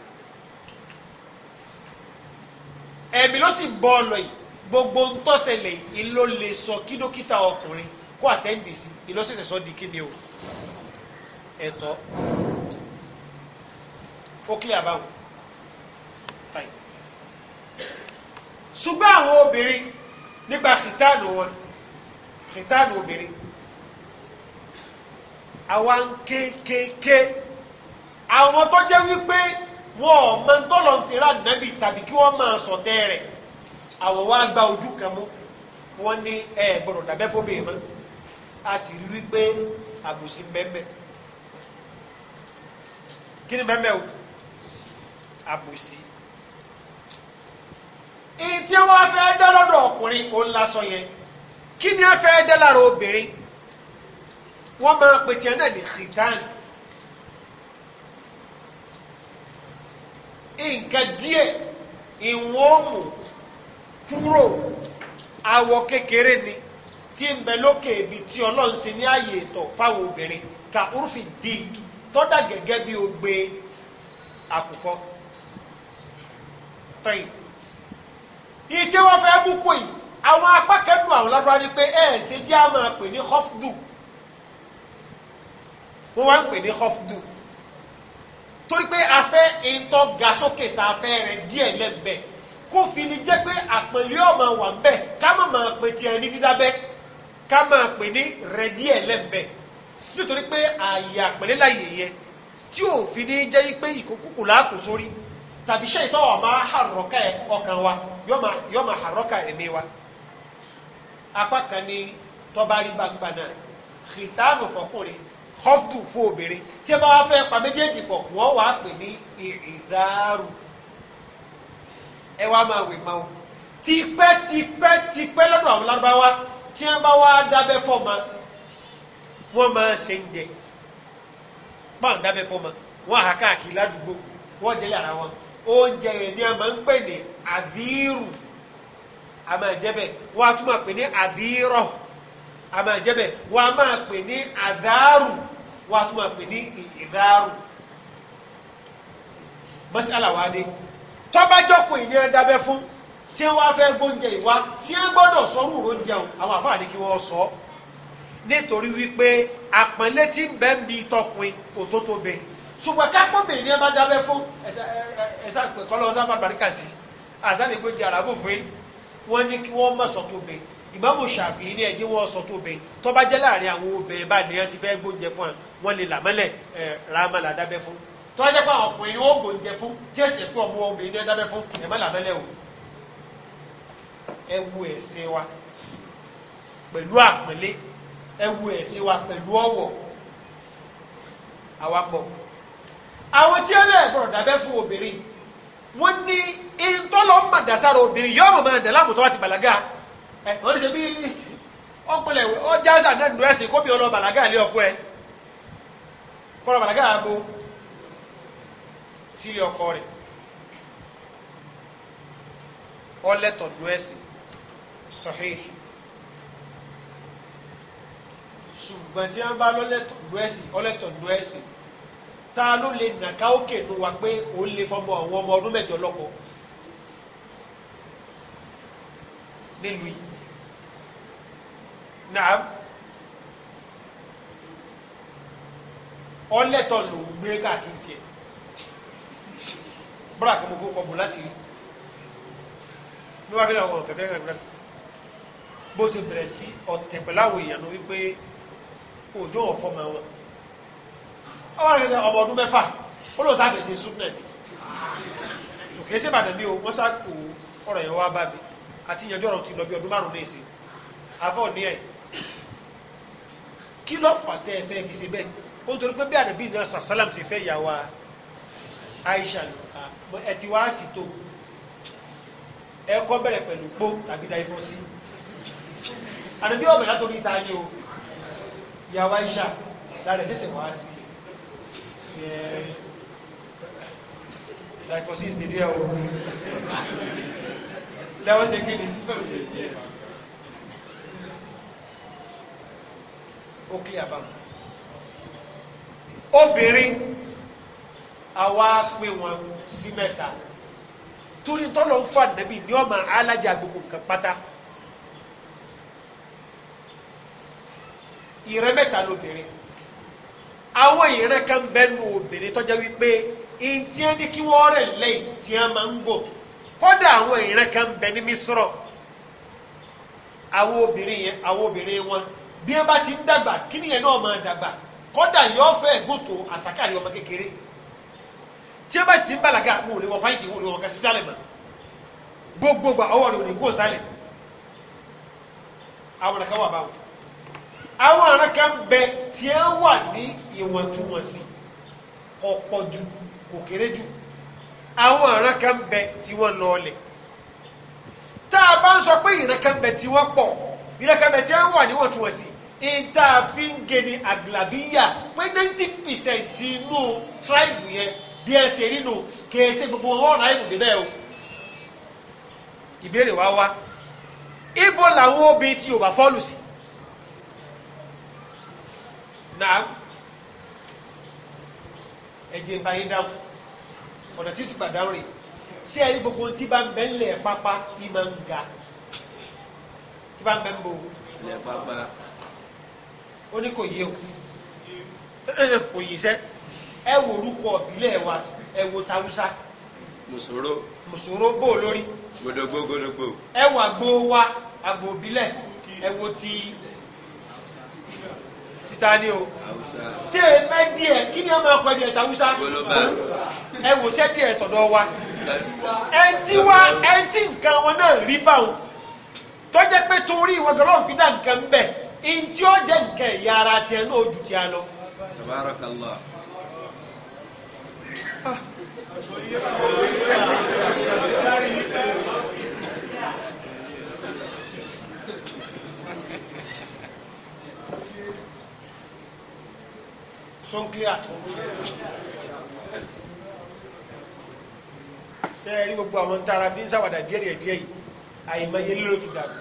ẹ̀mí ló sì bọ́ ọ lọ yìí gbogbo ń tọ́sẹ̀lẹ̀ ìlò lè sọ kí dókítà ọkùnrin kó àtẹ́ǹdì sí ìlọsẹ̀sẹ̀ sọ di kíni o ẹ̀tọ́ ó kílẹ̀ àbáwò ṣùgbọ́n àwọn obìnrin nípa kìtáàlù wọn kìtáàlù obìnrin àwa ń kéékèèké àwọn tó jẹ́ wípé wọn ò mọ ń tọ́lọ̀ ń fi ra nàbì tàbí kí wọ́n máa sọ̀tẹ́ rẹ̀ àwọn wa gba ojú kan mú wọ́n ní ẹ gbọ́dọ̀ dàbẹ́ fóbìnrin mọ́ a sì rí i pé àbòsí mẹ́mẹ́ kí ni mẹ́mẹ́ o àbòsí èyí tí wọ́n dá lọ́dọ̀ ọkùnrin òun lásán yẹn kí ni wọ́n fẹ́ dá lára obìnrin wọ́n máa pè tiẹ̀ náà ní khitan nǹkan díẹ̀ ìwọ́n mú kúrò awọ kékeré ni tí ń bẹ lókè ibi tí ọlọ́run ṣe ní ààyè ìtọ̀ fáwọn obìnrin ka urfi dig tọ́dà gẹ́gẹ́ bí ogbe àkùkọ. tọ́yì iye tí wọ́n fẹ́ mú kó yìí àwọn apá kẹ́dùn àwọn ládùúgbò ni pé ẹ̀ ṣe jẹ́ àmọ́ pè ní hofdu wọ́n wá ń pè ní hofdu torí pé a fẹ́ ìtọ́ ga sókè tá a fẹ́ rẹ̀ díẹ̀ lẹ́gbẹ̀ẹ́ kó fi ni jẹ́ pé àpèlé ọmọ wà ń bẹ̀ ká má máa pè tiẹ̀ ní dídábẹ́ ká máa pè ní rẹ̀dí ẹ̀ lẹ́m̀bẹ̀ nítorí pé ààyè àpèlé láyè yẹ tí ò fi ní jẹ́ pé ìkókùkù làákù sórí tàbí ṣe ìtọ́wọ̀ máa hàrọ́kà ọkàn wa yọ máa hàrọ́kà ẹ̀mí wa apá kan ní tọ́ba rí gbangba náà kìtàánù fọkùnrin hofdu fún obìnrin tí a bá wá fẹ́ pa méjèèjì pọ̀ wọ́n wàá pè ní ìdáàrú ẹ wá máa wè máa tipẹ́ tipẹ́ tipẹ́ lọ́dọ̀ àwọn lárúbáwá tí wọ́n bá wá dábẹ́ fọ́ọ̀mà wọ́n máa ṣe ń jẹ báwọn dábẹ́ fọ́ọ̀mà wọ́n hà káàkiri ládùúgbò wọ́n jẹ́lẹ̀ ara wọn oúnjẹ yẹn ni a máa ń pè ní àdírù a máa jẹ́ bẹ́ẹ̀ wọ́n a tún máa pè ní àdírọ̀ a máa wọ́n a máa pè ní àdárù wọ́n a tún máa pè ní ìdárù masala wa dé tọ́bájọ́kọ̀ ìní ẹ dábẹ́ fún tí wọ́n á fẹ́ gbóúnjẹ ìwá tí wọ́n gbọ́dọ̀ sọ́rù òróúnjẹ àwọn àfáà ní kí wọ́n sọ nítorí wípé àpọ́nlé tí ń bẹ́ ń bi tọkùnrin kò tó tó bẹ ṣùgbọ́n kápọ́nbẹ̀ ìní ẹ bá dábẹ́ fún ẹ̀sà pé kọ́lọ́ ọ̀sán bàbáríkà sí àṣàlẹ̀ ìgbójì àràbò fún yín wọ́n ní kí wọ́n mọ̀ sọ tó bẹ ìmáàmù Ṣàfi'í ní ẹ̀jẹ̀ wọ́n sọ tó bẹ tọ́bajẹ́ láàrin àwọn obìnrin bá nìyẹn ti fẹ́ gbóúnjẹ fún wọn lè làmọ́lẹ̀ ràmọ́ làdábẹ́ fún tọ́jà pa ọkùnrin ni wọ́n gbòǹjẹ fún tí ẹ̀sìn pé ọmọ obìnrin ní ẹ̀dábẹ́ fún ẹ̀ má làbẹ́lẹ̀ o ẹ wu ẹ̀sìn wa pẹ̀lú àpẹ̀lẹ́ ẹ wu ẹ̀sìn wa pẹ̀lú ọ̀wọ̀ àwapọ̀ àwọn tí ẹlẹ́ gbọ́dọ̀ dábẹ́ fún obìnrin wọ́n ní ìtọ́lọ́ màdására obìnrin yóò mọ̀ mọ̀ dẹ̀láàmù tó wá ti bàlágà ẹ̀ wọ́n ti bí ọjà sàdánù ẹ̀sìn ọlọ́ bàlágà ọkọ sílé ọkọ rẹ̀ ọlẹ́tọ̀ lu ẹ̀sìn ṣùgbọ́n tí wọ́n bá lọ́lẹ́tọ̀ lu ẹ̀sìn ọlẹ́tọ̀ ta ló lè nàka òkè nu wa pé ó lè fọmọ àwọn ọmọ ọdún mẹ́jọ nílùú yìí náà lòún gbé káàkiri bọ́lá kan mo kó kọ bò lásìrí ní wàá fẹ́ràn ọ̀fẹ́ fẹ́ràn rẹ bó ṣe bẹ̀rẹ̀ sí ọ̀tẹ̀ pẹ̀lú àwọn èèyàn ló wípé òjò ọ̀fọ́ máa wọn ọwọ́ rẹ̀ kẹta ọmọ ọdún mẹ́fà ó lọ sáà kẹsẹ̀ súnmẹ̀ sòkè ṣe bàtẹ̀ bí o wọ́n sá kó ọ̀rọ̀ yẹn wá bá mi àti ìyànjú ọ̀rọ̀ ti lọ bí ọdún márùn-ún ní ìsìn afọ́ ní ẹ̀ kí ló fà tẹ́ ẹ fẹ́ fi ṣe bẹ́ẹ̀ ó torí pé bí àdàbí náà sàsálàm ṣe fẹ́ yà wá aisha ló ká ẹ ti wá sí tó ẹ kọ́ bẹ̀rẹ̀ pẹ̀lú pó tàbí da ifọ̀ sí àdàbí ọ̀bẹ̀ látòrí ta ni o ìyàwó aisha lára ẹ̀ fẹsẹ̀ wá sí da ifọ̀ sí ìṣèlú ẹ̀ o lẹ́wọ́ ṣe kí ni ó kílẹ̀ àbámu obìnrin. Awa pè wọn sí mẹ́ta torí tọ́lọ̀ ń fa nàbí ní ọmọ alájà gbogbo nǹkan pátá ìrẹ́ mẹ́ta lóbìnrin àwọn ìrẹ́ kan bẹ́nu obìnrin tọ́jà wípé ntí ẹni kí wọ́n rẹ̀ lẹ́yìn tí a máa ń bọ̀ kọ́dà àwọn ìrẹ́ kan bẹ ní mísírọ̀ àwọn obìnrin yẹn àwọn obìnrin wọn bí ẹ bá ti ń dàgbà kí nìyẹn náà máa dàgbà kọ́dà yọ fẹ́ gòtò àsàkárì ọmọ kékeré tí ẹ bá sì ti ń bàlágà wọn ò lè wọ pàǹtì wọn ò lè wọ kẹsí sálẹ̀ mọ́ gbogbogbò ọwọ́ rẹ̀ o ní kó sálẹ̀ àwọn kan wà báwo àwọn ará kan bẹ tí ẹ wà ní ìwọ̀ntúnwọ̀nsì kò pọ̀ jù kò kéré jù àwọn ará kan bẹ tí wọ́n lọ ọlẹ̀ tá a bá ń sọ pé ìran kan bẹ tí wọ́n pọ̀ ìran kan bẹ tí wọ́n wà níwọ̀ntúnwọ̀nsì ìta fi ń geni àgìlàbíyà pé ninety percent inú tribe yẹn bí ẹ ṣe rí nù kèé ṣe gbogbo wọn náà ìbùdó bẹ́ẹ̀ o ìbéèrè wa wá ibo làwọn obìnrin tí yorùbá fọ́ọ̀lù sí náà ẹ̀jẹ̀ ìbáyé dáhùn ọ̀nà tí sì gbàdáhùn rè ṣé ẹni gbogbo tí bá ń bẹ ńlẹ̀ pápá ni máa ń ga tí bá ń bẹ ń bo ńlẹ̀ pápá ó ní kò yé o kò yé sẹ́ẹ́ ẹ wo orúkọ ìbílẹ̀ wa ẹ wo tàwùsá. musoro mùsòrò bò lórí. gbòdògbò gbòdògbò. ẹ wo àgbo wa àgbo ìbílẹ̀ ẹ wo ti títa ni o. tẹ ẹ bẹ díẹ̀ kí ni a máa pẹ díẹ̀ tàwùsá. ẹ wò sẹ́ díẹ̀ tọ̀dọ̀ wa. ẹ ti wa ẹ ti nǹkan wọn náà rí báwọn tọ́jà pé torí ìwọ gọ́lọ́ fi dá nǹkan bẹ̀ ntí ó jẹ́ nǹkan ìyá tiẹ̀ náà ó ju tiẹ̀ lọ. tabarakallah son clear ṣe rí gbogbo àwọn tára fi ń ṣàwàdà díẹ̀ díẹ̀ yìí àìmọye ló ti dàgbà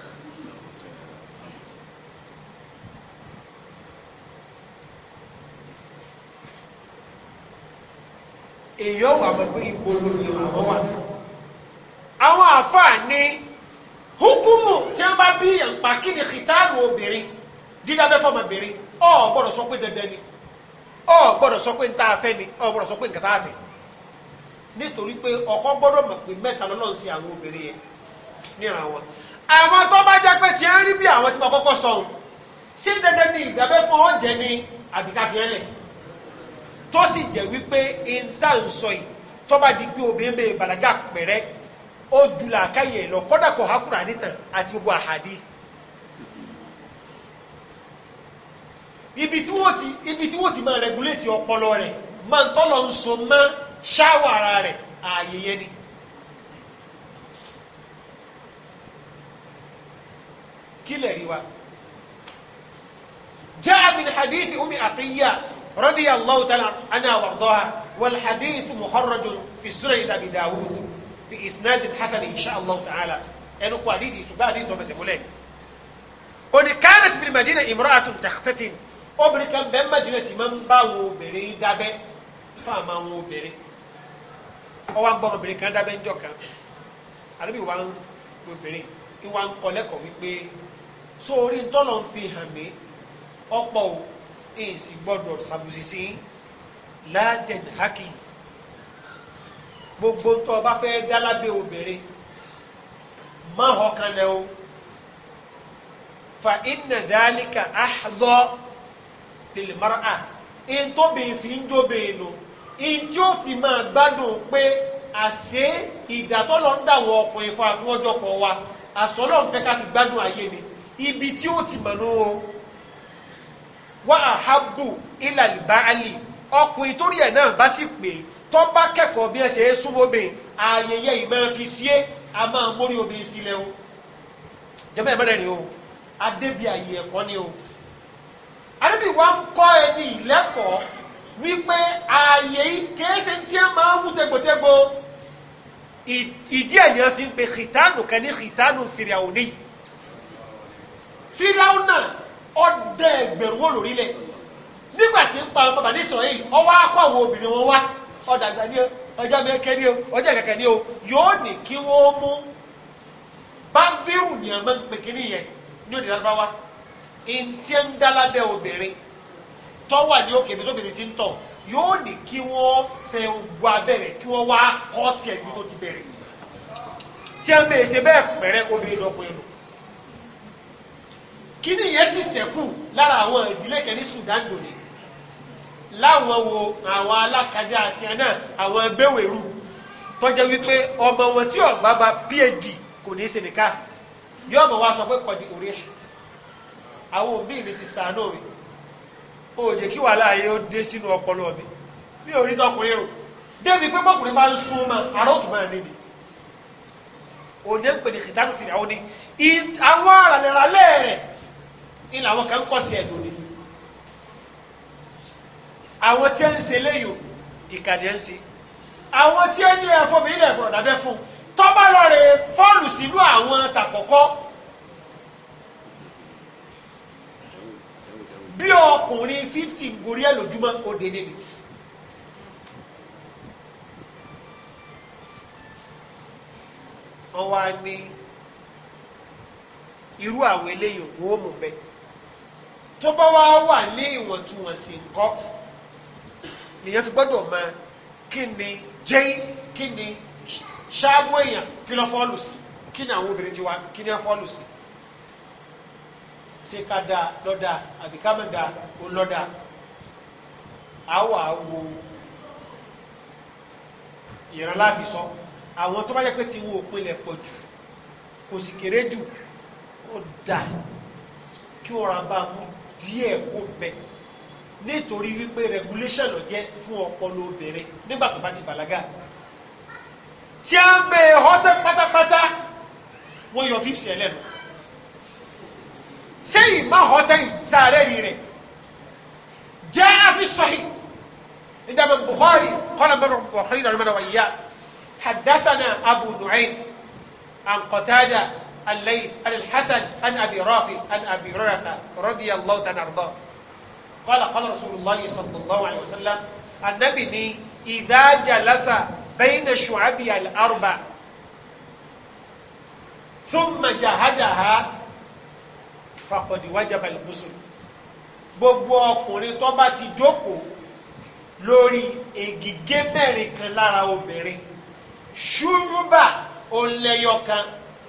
èyàn wà mọ̀ pé ipò lórí àwọn wà. àwọn àfáà ní hukumu tí wọ́n bá bí ìyànpá kí ni kìtàlù obìnrin dídábẹ́ fọmọbìnrin ọ̀ gbọ́dọ̀ sọ pé dandan ni ọ̀ gbọ́dọ̀ sọ pé nta afẹ́ ni ọ̀ gbọ́dọ̀ sọ pé nkàtà afẹ́ nítorí pé ọkọ gbọ́dọ̀ mọ̀ pé mẹ́ta lọ́lọ́run sí àwọn obìnrin yẹn níra wọn. àwọn tó bá jẹ́ pé tiẹ̀ ń rí bí àwọn tí mo kọ́kọ́ sọ ọ́n sí dandan ni ìdábẹ́ fún oúnjẹ ni àbíkáfíẹ́lẹ̀ tó sì jẹ́ wípé ìta ń sọ yìí tó bá di pé obìnrin bẹ́ẹ̀ bàlágà pẹ̀rẹ́ ó dùlà káyẹ̀ lọ kọ́dà kọ́ hakùrà nìtàn àti gbogbo àhàdí. ibi tí wọ́n ti ibi tí wọ́n ti máa rẹ̀gúlétì ọpọlọ rẹ̀ máa ń tọ́lọ̀ ń so mọ́ ṣáwọ̀ ara rẹ̀ ààyè yẹn ni. kí lè rí wa. jẹ́ àmì hadith umi àtẹ́yà. رضي الله تعالى عنها وارضاها والحديث مخرج في سنن ابي داود باسناد حسن ان شاء الله تعالى ẹnu kó àdìsí ìtùgbà àdìsí ọ̀fẹsẹ̀ múlẹ̀ òní kánẹ̀tì bìlì màdínà imra'atun takhtatin obìnrin kan bẹ́ẹ̀ màdínà tí máa ń bá wọn obìnrin dábẹ́ fáàmà wọn obìnrin ọwọ́ ń bọ́ obìnrin kan dábẹ́ ńjọ kan àdébí wa ń obìnrin ìwà ń kọ́ lẹ́kọ̀ọ́ wípé sóorí ntọ́lọ́ ń fi hàn mí ọ̀pọ̀ o èsì gbọ́dọ̀ ṣàbùsì sí láàdẹ̀n hákì gbogbo tó o bá fẹ́ dá lábẹ́ obìnrin má họkàn lẹ o fa inna dhalika ahdha lil mar'a ntọ́bìn fi ń jóbìn nù ntí ó fi máa gbádùn pé àṣé ìdàtọ́lọ́ ń dàwọ̀ ọkùnrin fún akúnwọ́jọ́ kan wa àṣọlọ́ ká fi gbádùn ayé ni ibi tí ó ti mọ̀ nù o wà á habu ilà baali ọkùnrin torí ẹ̀ náà bá sì pé tó bá kẹ́kọ̀ọ́ bí ẹ ṣe é súnmọ́ obìnrin ayẹyẹ yìí máa fi sí é a máa mórí obìnrin sílẹ̀ o jẹ́mọ́ ẹ̀ mẹ́rẹ̀ ni o adébí ayé ẹ̀kọ́ ni o adébí wa ń kọ́ ẹni ìlẹ́kọ̀ọ́ wípé ayé kéése tí a máa wú tegbòtegbò ìdí ẹ̀ ni a fi ń pe kìtánù kan ní kìtánù fìrìàwò ní náà ọdẹ ẹgbẹ̀rún wò lórí lẹ̀ nígbà tí ń pa bàbá ní sọ̀rọ̀ yìí ọwọ́ akọ àwọn obìnrin wọn wá ọjà àgbà ni o ọjà mẹ́kẹ́ ni o ọjà kẹ̀kẹ́ ni o yóò ní kí wọ́n mú báńgíù ní ọmọ pèkínní yẹn ní òde lárúbáwá ntí ń dá lábẹ́ obìnrin tọ́wà ní òkè nítorí obìnrin ti ń tọ̀ yóò ní kí wọ́n fẹ́ ogun abẹ́rẹ́ kí wọ́n wá kọ́ tiẹ̀ níbi tó ti bẹ̀rẹ̀ tí ẹ bẹ́ẹ̀ ṣe bẹ́ẹ̀ pẹ̀rẹ́ obìnrin lọ́kùnrin lò kíní yẹn sì ṣẹ́kù lára àwọn ìdílé kẹ́ni Sudan gbòde láwọn wo àwọn alákadá àti ẹ̀nà àwọn gbéwèrú tọ́jẹ́ wípé ọmọ wọn tí ọ̀gbá bá phd kò ní í ṣe nìka yóò mọ̀ wá sọ pé kọ́ di orí ẹ̀t àwọn òbí mi ti sàánú mi ò jẹ́ kí wàhálà yẹn ó dé sínú ọpọlọ mi mi ò rí tọkùnrin rò débi pé bọ́kùnrin bá ń sún mọ́ àrà máa ní mi òní ń pè ní kìtánù fìdí àwọn ní àwọn àràlẹ̀ràlẹ̀ rẹ̀ ní làwọn kan kọ́ sí ẹ̀dùn ni àwọn tí ń ṣe léyò ìkàdé ń ṣe àwọn tí ń yẹ ẹ̀fọ́ mi ilẹ̀ gbọ́dọ̀ dábẹ́ fún tọ́ba lọ́ọ̀rẹ́ fọ́ọ̀lù sílùú àwọn tàkọ́kọ́ bí ọkùnrin fifty gorí ẹ̀ lójúmọ́ ó dédé ni. wọ́n wá ní irú àwọn eléyìí wọ́n mú bẹ́ẹ̀ tó bá wá wà ní ìwọ̀ntúnwọ̀nsì ńkọ́ nìyẹn fi gbọ́dọ̀ mọ kí ni jẹ́yìn kí ni ṣáàbù èèyàn kí ló fọ́ọ̀lù sí kí ni àwọn obìnrin ti wá kí ni wọ́n fọ́ọ̀lù sí ṣé ká dáa lọ́dà àbí ká mẹ́ta ó lọ́dà á wà á wo ìrànláàfi sọ àwọn tó bá jẹ́ pé ti wo òpinlẹ̀ pọ̀ jù kò sì kéré jù ó dáa kí wọ́n ra bá a mú díẹ̀ kó bẹ nítorí wípé regulation ló jẹ́ fún ọpọlọ obìnrin nígbà tó bá ti bàlágà tí a ń bẹ ọtẹ pátápátá wọ́n yọ fífi ẹlẹ́nu sẹ́yìn má ọtẹ yìí sáré rí rẹ̀ jẹ́ buhari, nígbà Bukhari buhari bẹ́ẹ̀ Bukhari dàrú mẹ́ta wáyé yá hadathana Abu Nu'aym an Qatada. الليث عن الحسن عن أبي رافع عن أبي هريرة رضي الله تعالى عنه قال قال رسول الله صلى الله عليه وسلم النبي ني إذا جلس بين شعبها الأربع ثم جهدها فقد وجب الغسل gbogbo ọkùnrin tó bá ti jókòó lórí ègìgé mẹ́rin kan lára obìnrin ṣùrùbà ó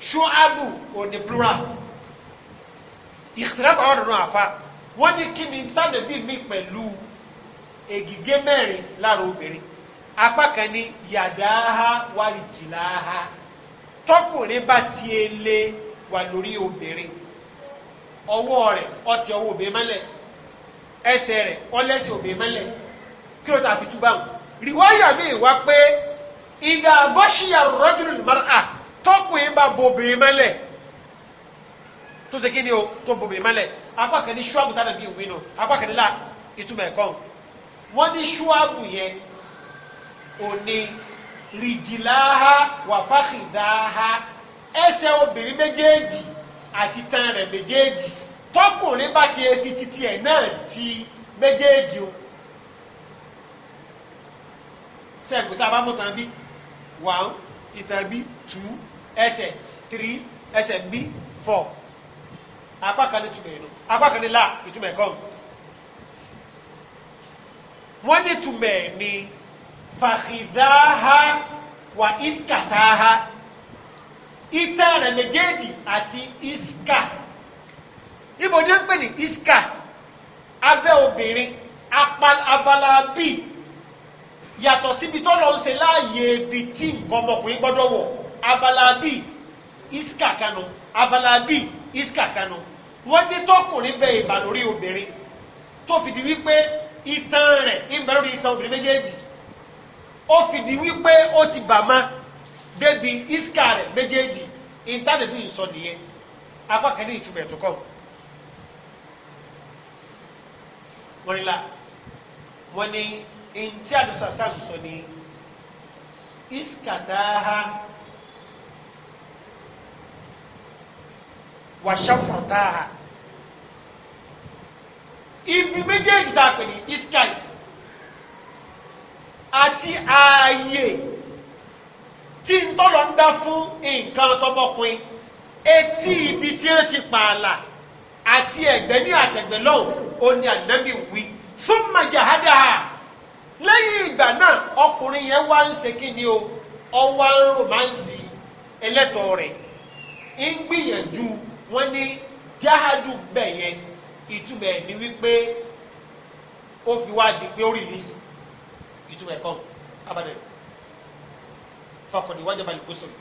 ṣuabu òní plural ìṣẹ̀lẹ̀fọ̀ àwọn ọ̀dọ̀dọ̀ àfa wọ́n ní kí ni tánàbí mi pẹ̀lú ègìgé mẹ́rin lára obìnrin apá kan ní yàdáha wàlìjìláha tọkùnrin bá ti ele wà lórí obìnrin ọwọ́ rẹ̀ ọtí ọwọ́ obìnrin mọ́lẹ̀ ẹsẹ̀ rẹ̀ ọlẹ́sẹ̀ obìnrin mọ́lẹ̀ kí ló ta fi túbà wọn. rìwáyà mi wá pé ìdá àgọ́ṣìyà rọ́dúnrún mọ́ra tọkùnrin bá bobìnrin mẹ́lẹ̀ tó ṣe kí ni o tó bobìnrin mẹ́lẹ̀ apá kan ní ṣuabu tá nàbí ìwé nù apá kan ní la ìtumọ̀ ẹ̀kọ́ wọn ní ṣuabu yẹn ò ní rìjìláha wàfáàkìdáha ẹsẹ̀ obìnrin méjèèjì àti tan rẹ̀ méjèèjì tọkùnrin bá ti fi titi ẹ̀ náà ti méjèèjì o sẹ́ẹ̀kú tá a bá mú tan bí one ìtàn bí two ẹsẹ̀ three ẹsẹ̀ b four apá kan ní túmọ̀ ìlú apá kan ní la ìtumọ̀ ẹ̀kọ́ wọ́n ní túmọ̀ ẹ̀ ní fàkìdáha wà iskataha ita rẹ̀ méjèèjì àti iska ibo ni wọ́n pè ní iska abẹ́ obìnrin abala bíi yàtọ̀ síbi tó lọ ń ṣe láàyè ibi tí nǹkan ọmọkùnrin gbọ́dọ̀ wọ̀ abala bíi iska kanu abala bíi iska kanu wọ́n ní tọkùnrin bẹ ìbà lórí obìnrin tó fìdí wípé itan rẹ̀ ìbẹ̀ lórí itan obìnrin méjèèjì ó fìdí wípé ó ti bà má débi iska rẹ̀ méjèèjì ìtànàbí ìsọ nìyẹn apá kan ní ìtumọ̀ ẹ̀tọ́ kọ́ wọ́n ní la wọ́n ní ntí àdúsà sọ ní iska tá a ha. wàṣàfùrọ̀tàhà ibi méjèèjì tá a pè ní iskai àti ààyè tí ń tọ́lọ̀ ń dá fún nǹkan tọmọkùnrin etí ibi tí ó ti pààlà àti ẹ̀gbẹ́ ní àtẹ̀gbẹ́ lọ́hùn ó ní ànábì wí fún màjàhádà lẹ́yìn ìgbà náà ọkùnrin yẹn wá ń ṣe kí ni o ọwọ́ ń rò máa ń sí ẹlẹ́tọ̀ọ́ rẹ̀ ń gbìyànjú wọ́n ní jahadu bẹ̀ yẹn ìtumọ̀ ẹ̀ ni wípé ó fi wá di pé ó rìlíìsì ìtumọ̀ ẹ̀ kọ́ abadan fakọ̀dé wájàbá lùkúsùn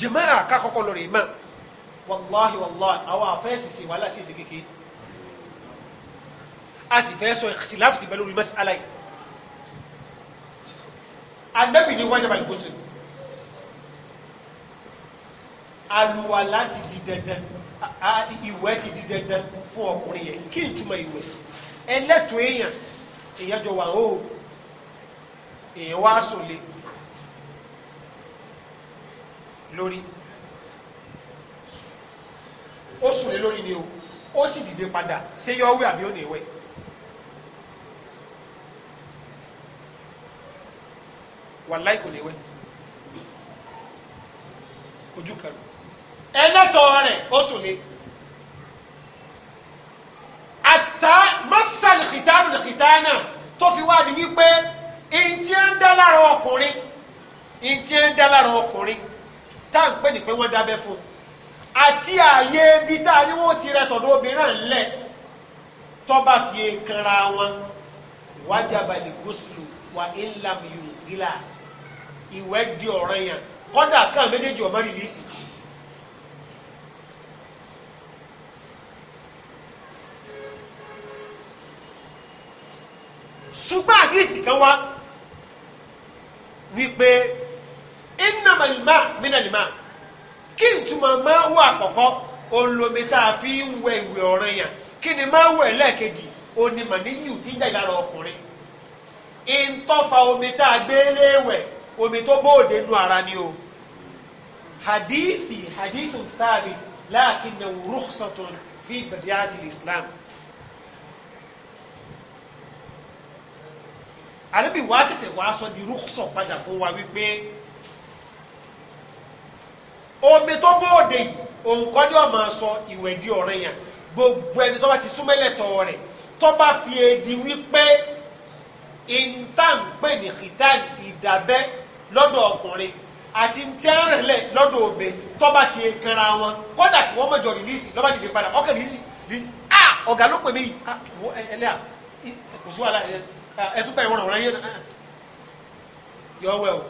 jìmọ́ra kákọ́kọ́ lórí ìmọ̀ wàláhi wàláhi àwọn àfẹ́sì sí wàhálà tí ì sí kékeré a sì fẹ́ sọ ìsìláfù ti bẹ lórí mas'ala yìí adébì ní wájàbá lùkúsùn àlùwàlá ti di dandan ìwẹ̀ ti di dandan fún ọkùnrin yẹn kí n túmọ̀ ìwẹ̀ ẹlẹ́tọ̀ọ́ èèyàn èèyàn jọ wà ó èèyàn wá sọ̀lẹ̀ lórí ó sùnlé lórí ni o ó sì dìde padà ṣé yọ wí àbí ó ní wẹ. wàláì kò ní wẹ ojú kan ẹlẹ́tọ̀ọ́ rẹ̀ ó sùn ni àtà masal xitanu xitana tó fi wá ní wípé ntí ń dá lára ọkùnrin ntí ń dá lára ọkùnrin tá à ń pè ní pé wọ́n dábẹ́ fún àti ààyè ibi tá a ní wọ́n ti rẹ tọ̀dọ̀ obìnrin náà ńlẹ̀ fi kanra wọn wájàbalẹ̀ gosulu wa ilam yunzila ìwẹ́ di ọ̀ranyàn kọ́dà kan méjèèjì ọmọ rìlíìsì. ṣùgbọ́n àdìsí kan wá wípé ìnàmàlìmá mínàlìmá kí n túmọ̀ máa wọ àkọ́kọ́ olómi tá a fi ń wẹ ìwẹ̀ ọ̀ràn yàn kí ni máa wẹ̀ lẹ́ẹ̀kejì òní màníyù tí ń jàjà lọ ọkùnrin ìntọ́fà omi tá a gbé léèwẹ̀ omi tó bóòdé nu ara ni o hadithi hadithu thabit lakinnahu rukhsatun fi badiati islam. ànábì wá ṣẹ̀ṣẹ̀ wá sọ di rúkṣọ padà fún wa wípé omi tó bóde òǹkọ́ ni wọ́n máa sọ ìwẹ̀ di ọ̀rẹ́ yẹn gbogbo ẹni tó bá ti súnmẹ́lẹ̀ tọ̀ rẹ̀ tó bá fi èdè wípé ìntàǹpẹ̀ ní khitan ìdàbẹ́ lọ́dọ̀ ọkùnrin àti tí ń rẹ̀lẹ̀ lọ́dọ̀ òbẹ̀ tó bá ti kanra wọn kódà kí wọ́n mọ̀jọ rìlíìsì lọ́ba dìde padà ọkàn rìlíìsì rìlíìsì ah ọ̀gá ló pè mí ah, ẹlẹ́à kò sí wàhálà ẹlẹ́à ẹ tún bẹ̀rẹ̀ wọ́n ràn yé yọ wẹ̀ o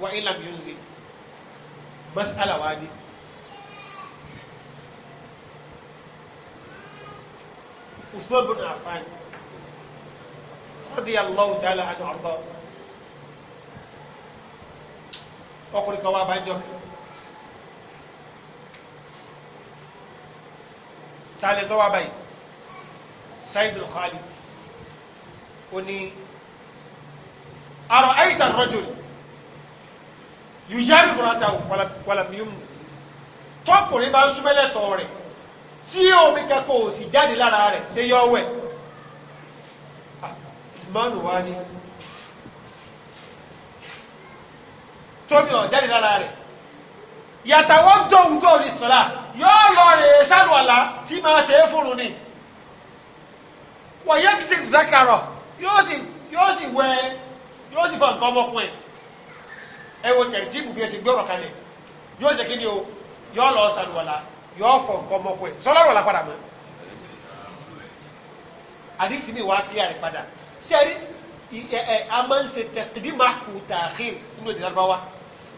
wa ilà miunzi masala wa di. Usman bin Affan radiyallahu ta'ala anhu arda ọkùnrin kan wá bá tálẹ̀ tó wá báyìí Said Khalid ó ní àrò àyíta rọ́jò yùjáàbí bùrọ̀tà wàlàmíyùmù tọkùnrin bá ń súnmẹ́lẹ̀ tọ̀ rẹ̀ tí omi kẹ́kọ̀ọ́ ò sì jáde lára rẹ̀ ṣe yọ ọwẹ́ ah, mọ́nù wá ní tóbi ọ̀ jáde lára yata yàtàwọ́ ń tó òwúgọ́ òní sọ́lá yóò lọ rèé sálùwàlá tí máa ṣe é fúnrun ni wọ̀nyẹ́kì sí dákàrọ̀ yóò sì yóò sì wẹ yóò sì fọ nǹkan ọmọkùnrin ẹ wo tẹ̀rìtìbù bí ẹ sì gbé ọ̀rọ̀ kalẹ̀ yóò ṣe kí ni o yóò lọ sàlùwàlà yóò fọ nǹkan ọmọkùnrin sọlọ́rọ̀ la padà mọ́ àdìsí mi wàá kílíà rẹ̀ padà sẹ́rí ẹ ẹ a máa ń ṣe tẹ̀kìdí máa kù tààkìr nínú èdè lárúbáwá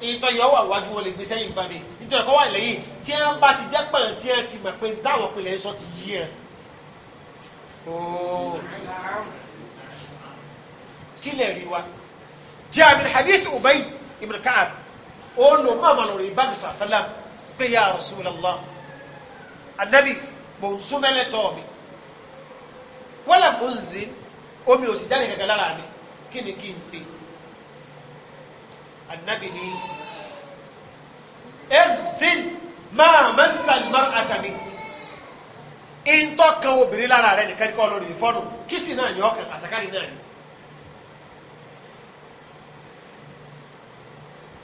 ìtọ́ yọ wà wájú wọn lè gbé sẹ́yìn bá mi nítorí ẹ̀kọ́ wà lẹ́yìn tí wọ́n bá ti jẹ́ pẹ̀lú tí wọ́n ti mọ̀ pé táwọn pinlẹ̀ sọ ti yí ẹ̀ kílẹ̀ rí wa jaabi hadith ubay ibn ka'ab ó lò mọ́mọ́ lórí ibà musa salam pé ya rasulallah anabi mò ń súnmẹ́lẹ̀ tọ́ mi wọ́lá mò ń zin omi ò sì jáde kankan lára mi kí ni kí n ṣe anabi ni ẹ̀sìn máa mẹ́sàn mar'ata mi ìtọ́kan obìnrin lára rẹ̀ nìkan kọ́ lórí fọ́nù kìsì náà ni ọkàn àsàkárì náà ni.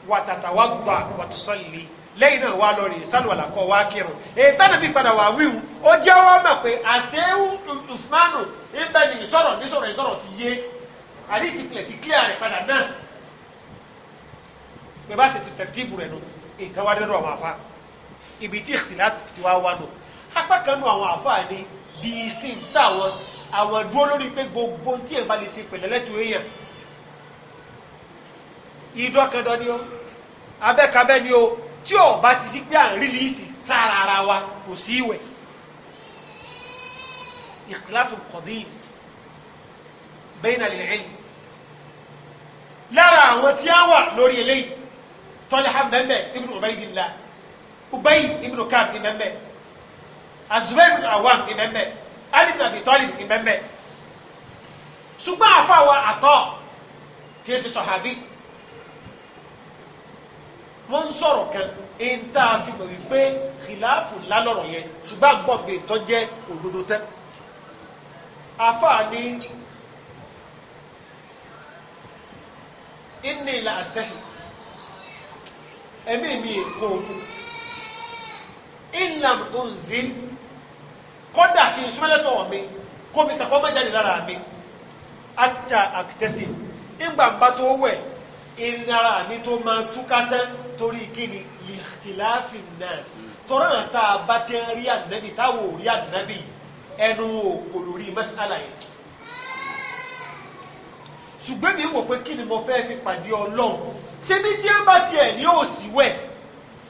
wàtàtàwàgbà wàtúsọ̀lì lẹ́yìn náà wà lọ rè sálùwàlà kọ́ wá kírun èyí tánà bí padà wà wíwù ó jẹ́wọ́ mọ̀ pé àṣẹ́wù Usmanu ibẹ̀ ni ìsọ̀rọ̀ nísọ̀rọ̀ ìtọ̀rọ̀ ti yé àdìsípìlẹ̀ ti kílẹ̀ rẹ̀ padà náà bẹ́ẹ̀ bá sì ti tẹ̀tíìbù rẹ̀ nù nǹkan wá dẹ́rọ̀ àwọn àfa ibi tí ìtìláàtì ti wá wá nù apá kan nù àwọn àfa ni dìísìn táwọn àwọn dúró lórí pé gbogbo tí èèyàn bá lè ṣe pẹ̀lẹ́lẹ́tò èèyàn ìdọ́kandọ́ ni ó abẹ́kabẹ́ ni ó tí ò bá ti sí pé à ń rìlíìsì sára ara wa kò sí ìwẹ̀ ìkìláfù kọ̀dí bẹ́ẹ̀nà lè rìn lára àwọn tí a wà lórí eléyìí tọ́lẹ̀ ha mẹ́mẹ́ ibùdó Ubaydillah Ubay ibn Ka'b ní mẹ́mẹ́ Azubair ibn Awam ní mẹ́mẹ́ Ali ibn Abi ní mẹ́mẹ́ ṣùgbọ́n àfa wa àtọ́ kìí ṣe sọ̀hábí. So wọ́n ń sọ̀rọ̀ kan èyí tá a fi mọ̀ wípé kìláàfù lálọ́rọ̀ yẹn ṣùgbọ́n àgbọ̀gbẹ̀ tó jẹ́ òdodo tẹ́. àfáà ní inni la astahi ẹ̀mí mi kò mú ilam unzil kọ́dà kí n súnmọ́lẹ́tọ̀ mi kó mi kàkọ́ má lára mi àtà àkìtẹ́sì ìgbà bá tó wẹ̀ ìnara ni tó máa túkátẹ́ torí kíni lìtìláàfì nẹ́ẹ̀sì tọ́rọ̀ náà tá a bá ti ń rí ànábì táwọn ò rí ànábì ẹnu kò lórí mẹ́sàlá yẹn. ṣùgbọ́n mi wò pé kí ni mo fẹ́ fi pàdé ọlọ́run ṣébi tí wọ́n bá tiẹ̀ ní òsì wẹ̀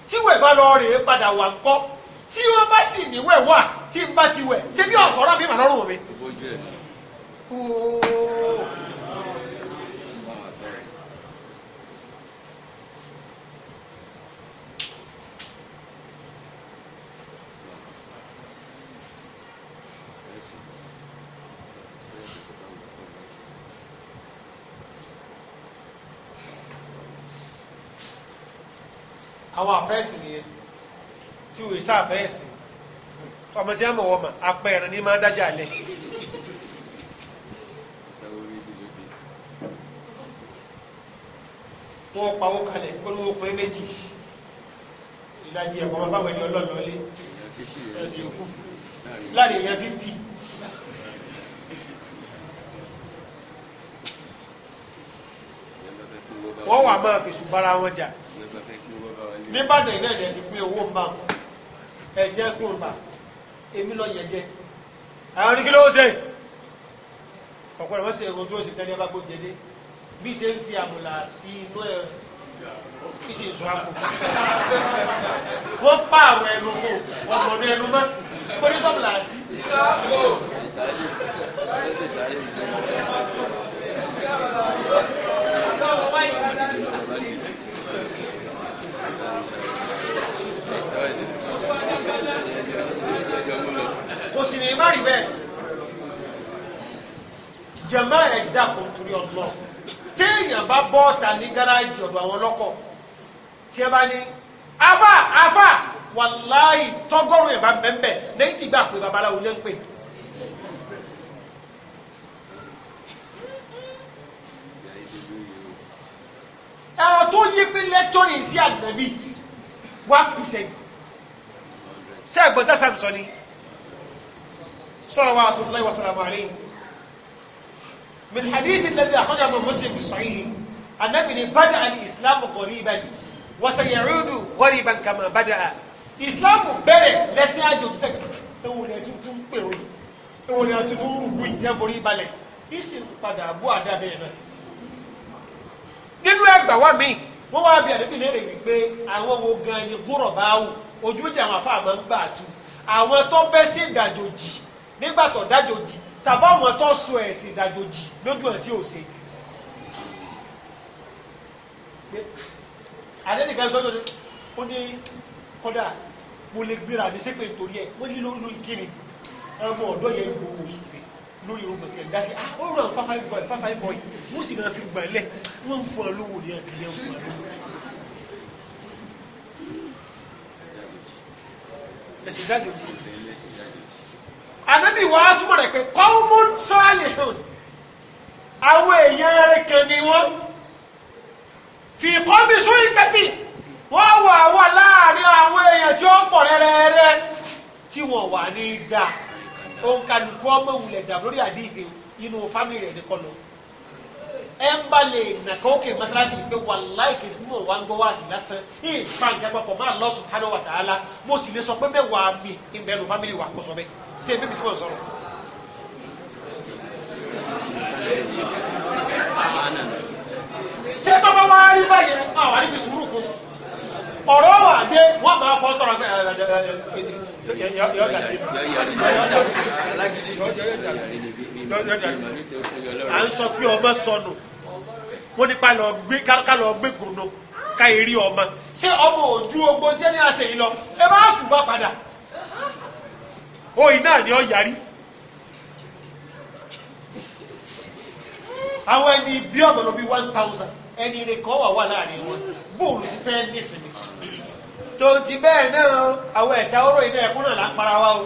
tí wẹ̀ bá lọ rèé padà wà ń kọ́ tí wọ́n bá sì níwẹ̀ wà tí n bá ti wẹ̀ ṣébi ọ̀sọ́rọ̀ mi mà lọ́rùn mi. ojú àwọn àfẹ́sì nìyẹn tí òye sáfẹ́sì ọmọ tí wọ́n mọ̀ wọ́n mọ̀ apẹ̀ ẹ̀rọ ní máa dájà lẹ̀. wọ́n pawó kalẹ̀ olówó pé méjì ìdajì ẹ̀kọ́ máa báwọn ẹni ọlọ́ọ̀lọ́ lé ẹ̀sìn yòókù láàrin èèyàn fífítì. wọ́n wà máa fèsùn bára wọn jà nìbàdàn iná ẹ̀jẹ̀ ti pín owó ń bá ẹ̀jẹ̀ kúrò bá èmi lọ yẹ̀jẹ̀ àwọn oníkí ló ṣe kọ̀pọ̀ rẹ̀ wọ́n ṣe ohun tó ṣe tẹ́lẹ̀ bá gbóúnjẹ dé bí ṣe ń fi àmùlà sí inú ẹ̀ kí sì ń sọ àpò wọ́n pa àwọn ẹnu kò ọ̀gbọ̀n ní ẹnu mọ́ pẹ̀lú sọ́mùlà sí ìdájọ́ kò sì ní má rí bẹ́ẹ̀ jẹ̀má ẹ̀dá kò torí ọlọ́ téèyàn bá bọ́ ọ̀tà ní gáràjì ọ̀dọ̀ àwọn ọlọ́kọ̀ tí ẹ bá ní afa afa wàláì tọ́gọ́rùn yẹn bá bẹ́ẹ̀ lẹ́yìn tí gbà pé babaláwo ló ń pè. ẹ̀rọ tó yí pé lẹ́tọ́rì sí àgbẹ̀bí one percent ṣé ẹ̀gbọ́n tá a ni. صلوات الله وسلامه عليه من حديث الذي أخرجه ابن مسلم في الصحيح النبي بدأ الإسلام قريبا وسيعود قريبا كما بدأ إسلام bẹ̀rẹ̀ lẹ́sìn àjò tó tẹ̀lé ewu ni ẹtún tún pèrò ewu ni ẹtún tún rúgbìn jẹ́ forí balẹ̀ ìsì padà bú àdábẹ́ yẹn náà. nínú ẹgbà wa mi wọ́n wá bí àdébí léèrè wípé àwọn wo gan ni gúrọ̀ bá wù ojú ìjà àwọn afáàmọ́ ń gbà tu àwọn tó bẹ́ sí ìdàjò jì nígbà tó dájòjì tàbá àwọn tó sọ ẹ̀sìn dájòjì lójú ẹ̀ tí ò ṣe. àdénìkan sọ́jọ́ ni ó ní kọ́dà mo lè gbéra mi sépè nítorí ẹ̀ wọ́n ní lórí kíni ọmọ ọ̀dọ́ yẹn gbowó oṣù rẹ̀ lórí orúkọ tiẹ̀ dá sí ah ó ràn fáfáì bọ̀ fáfáì bọ̀ yìí mo sì máa fi gbà lẹ̀ wọ́n ń fún ọ lówó ní àkìyẹ́ fún ọ lówó. ẹ̀sìn dájòjì anabi wa atúmọ̀ rẹ̀ pé kọ́wọ́mọ́n sọ́ọ́lì hàn àwọn èèyàn rẹ̀ kan ni wọ́n fi kọ́mi sún ìkẹ́fì wọ́n wọ àwọn láàrin àwọn èèyàn tí ó pọ̀ rẹ́rẹ́rẹ́ tí wọ́n wà ní dà òǹkàlùkù ọmọ ìwùlẹ̀ dà lórí àdìsí inú fámìlì rẹ̀ nìkan lọ ẹ ń bá lè nàkọ́ òkè mọ́sálásí pé wàláì kì í mọ̀ wá ń gbọ́ wá sí lásán ìfàǹjà papọ̀ máa Allah subhanahu wa ta'ala mo sì lè sọ pé mẹ́wàá mi ìbẹ̀rù fámìlì wa kò bẹ́ẹ̀ tèmi bí tí wọ́n sọ̀rọ̀. ṣé tọ́ba wá rí báyẹn àwọn àrífi sùúrù kù ọ̀rọ̀ wà dé wọ́n máa fọ́ tọrọ yọ̀ọ́dà sí i. à ń sọ pé ọmọ sọnù wọ́n nípa lọ gbé ká lọ gbé gòdò ká eré ọmọ ṣé ọmọ òdu ogbó jẹ́ ní àṣẹ yìí lọ ẹ bá tù bá padà oyin náà ni ọ yarí àwọn ẹni bí ọ̀nà ló one thousand ẹni rẹ kọ́ wà wà láàrin wọn bóòlù ti fẹ́ nísìnyí tó ti bẹ́ẹ̀ náà àwọn ẹ̀ta oró iná ẹ̀kún náà là ń para wa o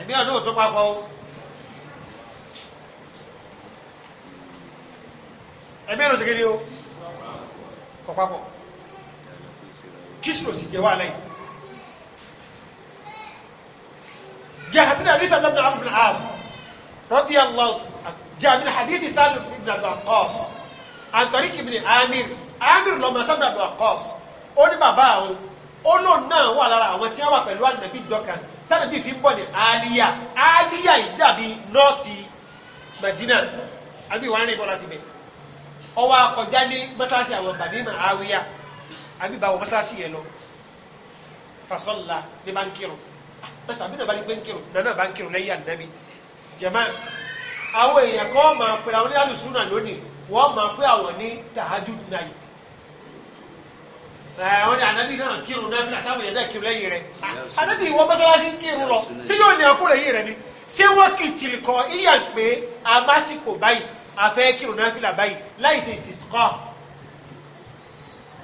ẹ̀mí ọ̀nà òtún papọ̀ o ẹ̀mí ọ̀nà òsèkéde o kọ̀ papọ̀ kí sùn òsì jẹ́ wà lẹ́yìn. جاء من حديث عبد عمرو بن العاص رضي الله جاء من حديث سعد بن عبد الوقاص عن طريق ابن عامر عامر لما سعد بن عبد الوقاص ó ní bàbá àwọn olóòn náà wà lára àwọn tí wọ́n wà pẹ̀lú ànàbí dọ́kan tánàbí fi ń bọ̀ ní aliya aliya yìí dàbí nọ́ọ̀tì Madina àbí wàá rìn bọ̀ láti bẹ̀ ọwọ́ akọjá ní mọ́sálásí àwọn bàbí mà áwíyá àbí bàwọ̀ mọ́sálásí yẹn lọ fasọ́lá ní bá ń kírun bẹ́sẹ̀ àbí nàbàlí pé ń kírun nànà bá ń kírun lẹ́yìn ànábi jẹ̀mọ́ àwọn èèyàn kọ́ máa pè àwọn ní alùsùnà lónìí wọ́n máa pè àwọn ní tahajud night àwọn ní ànábi náà kírun náà fún àtàwọn èèyàn náà kírun lẹ́yìn rẹ̀ ànábi ìwọ mọ́sálásí ń kírun lọ sí yóò ní ọkọ lẹ́yìn rẹ̀ ni ṣé wọ́n kì í tìrì kọ ìyà pé amásìkò báyìí àfẹ́ kírun náà fìlà báyìí láì ṣe ìsìnkọ́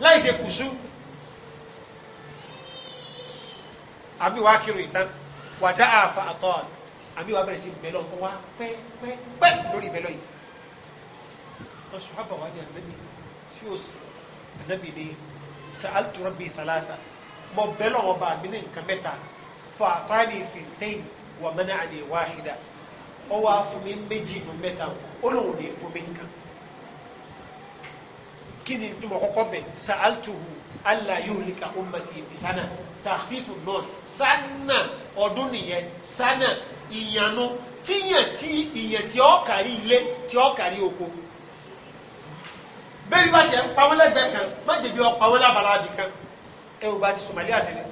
láì ṣe kùsù àmì wàá kírun ìtàn wàdà àfà àtọ́ àmì wàá bẹ̀rẹ̀ sí bẹ̀lọ̀ kó wá pẹ́pẹ́pẹ́ lórí bẹ̀lọ̀ yìí wọ́n sọ àbà wàá ní ànábì tí ó sì ànábì ní sa'altu rabbi thalatha mọ bẹ̀lọ̀ wọn bá mi ní nǹkan mẹ́ta fọ àpáàdé fìntẹ́yìn wà mẹ́nà àdé wáhídà ọ wá fún mi méjì nù mẹ́ta ó lóun ní fún mi nǹkan kí ni túmọ̀ kọ́kọ́ bẹ̀ sa'altuhu allah yuhlika ummati bisana tàfífù náà sanna ọdún nìyẹn sanna ìyànnú tíyàn tí ìyàn tí ó kárí ilé tí ó kárí oko bẹ́ẹ̀ni bá tiẹ̀ ń pa wọ́n lẹ́gbẹ̀ẹ́ kan má jẹ̀bi ọ pa wọ́n lábala abì kan ẹ ò bá ti Somalia ṣẹlẹ̀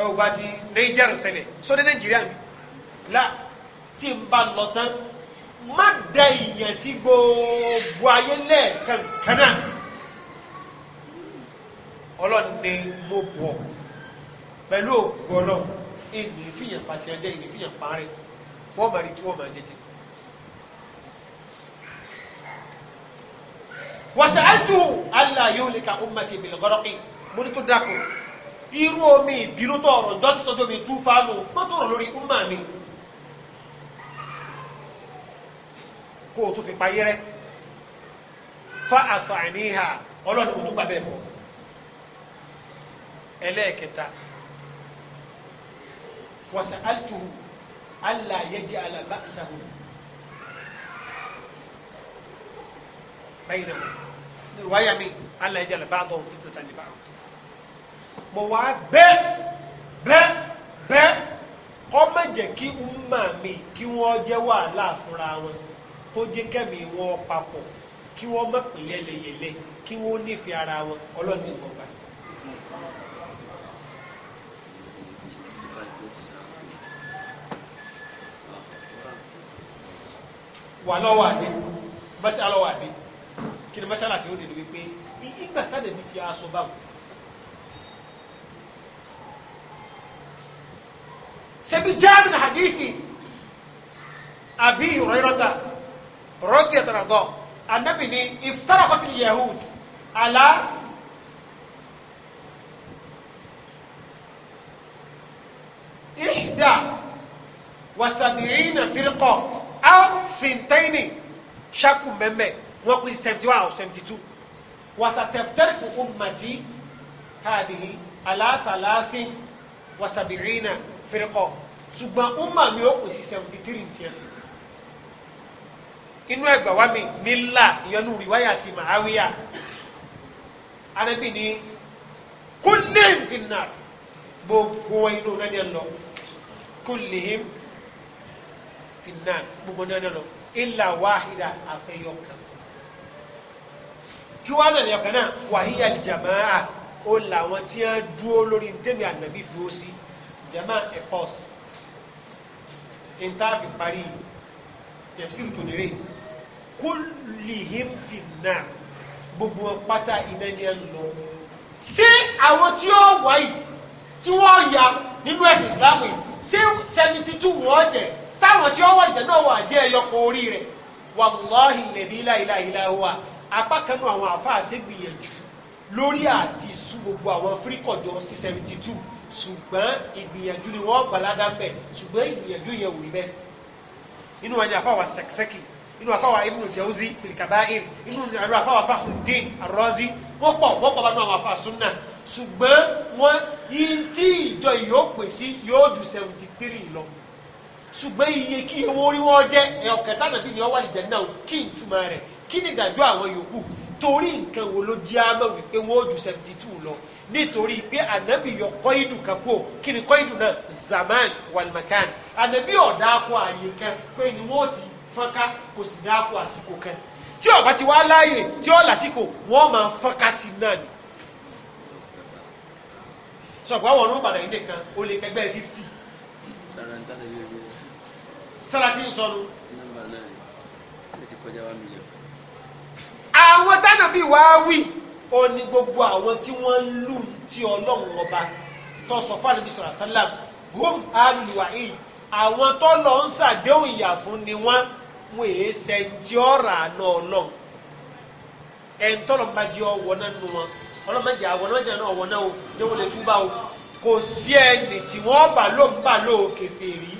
ẹ ò bá ti Niger ṣẹlẹ̀ sóde Nàìjíríà mi la tí n bá lọ tán má da ìyẹn sí gbogbo ayé lẹ́ẹ̀kan kan ọlọ́run ni mo bọ̀ pẹ̀lú òkú ọlọ́run ìní fìyàn pàṣẹ ẹjẹ́ ìní fìyàn parẹ́ wọ́n máa rí tí wọ́n máa jẹjẹ. wàṣẹ àìtú àlà yóò lè ka ummati bil gharqi mo ní tó dákun irú omi ìbínú tó ọ̀rọ̀ jọ́sí tọ́jú omi tú fáánù mọ́tò ọ̀rọ̀ lórí umma mi kó o tún fi payẹ́rẹ́ fa àtọ̀ àìníhà ọlọ́run mo tún gbà fọ́ ẹlẹ́ẹ̀kẹta wasa altuhu allah yẹjẹ alaba sahu bẹ́yìn náà wáyà mi allah yẹjẹ alaba dọ̀hún fitata lè bá àwọn tó mo wá bẹ́ bẹ́ bẹ́ kọ́mọ̀ jẹ́ kí umma mi kí wọ́n jẹ́ wàhálà fúnra wọn kó jẹ́ kẹ́mi wọn papọ̀ kí wọ́n mọ̀ pé kí wọ́n nífẹ̀ẹ́ ara wọn ọlọ́ọ̀ni ìwọ̀n gbà. wà lọ́wọ́ àdé mọ́sí alọ́wọ́ àdé kí ni mọ́sí aláṣẹ ó dèdè wípé ní ìgbà tálẹ̀ mi ti aṣọ báwọn. ṣebí jáàmù hadithi àbí ìrọ̀rọ̀ta rọ́tì ẹ̀tàràdọ́ anabi ni iftarakọ́tì yahud àlá. إحدى وسبعين فرقة أو fintaini ṣaku mẹ́mẹ́ wọ́n pín seventy one or seventy two wasatẹ̀fẹ̀tẹ̀rìkù ummati hadihi aláfàláfin wasabirina firikọ ṣùgbọ́n umma mi ó pín sí seventy three tiẹ̀ inú ẹgbà wa mi mila ìyọnu riwaya ti màáwíyà anabi ni kullihim finnar gbogbo inú rẹ̀ ni ẹ lọ finna gbogbo ní ọdún lọ ilà wáhídà àfẹyọkàn kí wàá nà lẹyọkàn náà wàhíyà jamaa ó làwọn tí wọn dúró lórí ntẹ̀mí ànàbí dúró sí jamaa ẹ̀ pọ́s ntaafi parí tẹ̀síìrì tó nírè kullihim finna gbogbo pátá iná ni ẹ lọ ṣé àwọn tí ó wáyé tí wọ́n yà nínú ẹ̀sìn Islam yìí ṣé seventy two wọ́n jẹ́ táwọn tí wọ́n wà nìjẹ́ náà wà jẹ́ ẹyọkọ orí rẹ̀ wàláhì lẹ́dí láìláìlá wa apá kanú àwọn àfáàsẹ́ gbìyànjú lórí àti sú gbogbo àwọn fíríkọ̀jọ sí seventy two ṣùgbọ́n ìgbìyànjú ni wọ́n gbàládà ń bẹ̀ ṣùgbọ́n ìgbìyànjú yẹn ò rí bẹ́ẹ̀ inú wa ni àfáwà sẹ́kísẹ́kì inú àfáwà ibnu jawzi filikabair inú àrùn àfáwà fakhruddin arọ́zi wọ́n pọ̀ wọ́n pọ̀ bá nù àwọn àfáà sunna ṣùgbọ́n wọ́n yí tí ìjọ yóò pè sí yóò ju seventy three lọ ṣùgbọ́n iye kí owó orí wọn jẹ́ ẹ̀yọ̀ kẹta nàbí ni ọ wà lìjẹ́ náà kí n túmọ̀ rẹ̀ kí ni ìdájọ́ àwọn yòókù torí nǹkan wo ló jẹ́ àmọ́ wípé wọ́n ó ju seventy two lọ nítorí pé ànábì yọ kọ́ìdù kan kó kí ni kọ́ìdù náà zaman walimakan ànábì ọ̀dà akọ àyè kan pé ni wọ́n ti fọ́nká kò sì dá akọ àsìkò kan tí ọba ti wá láàyè tí ó lásìkò wọ́n máa fọ́nká sí náà ni sọ̀gbọ́n àwọn ọ̀nà ìbàdàn yìí nìkan ó lè pẹ́gbẹ́ fifty sára tí ń sọnù. àwọn tánàbí wàá wí ó ní gbogbo àwọn tí wọ́n ń lù tí ọlọ́run ọba tó sọ fáàlì bí sọ̀rọ̀ sálàm hom alùwàhí àwọn tó lọ ń ṣàdéhùn ìyà fún ni wọ́n mú èé sẹ́ńtì ọ̀rà àná ọlọ́run ẹ̀ńtọ́lọ́ba jẹ́ ọwọ́ náà nù wọn ọlọ́mọdé àwọn ọlọ́mọdé náà ọwọ́ náà ó déwọlé túbà ó kò sí ẹni tí wọ́n bà ló ń bà ló kèfèrí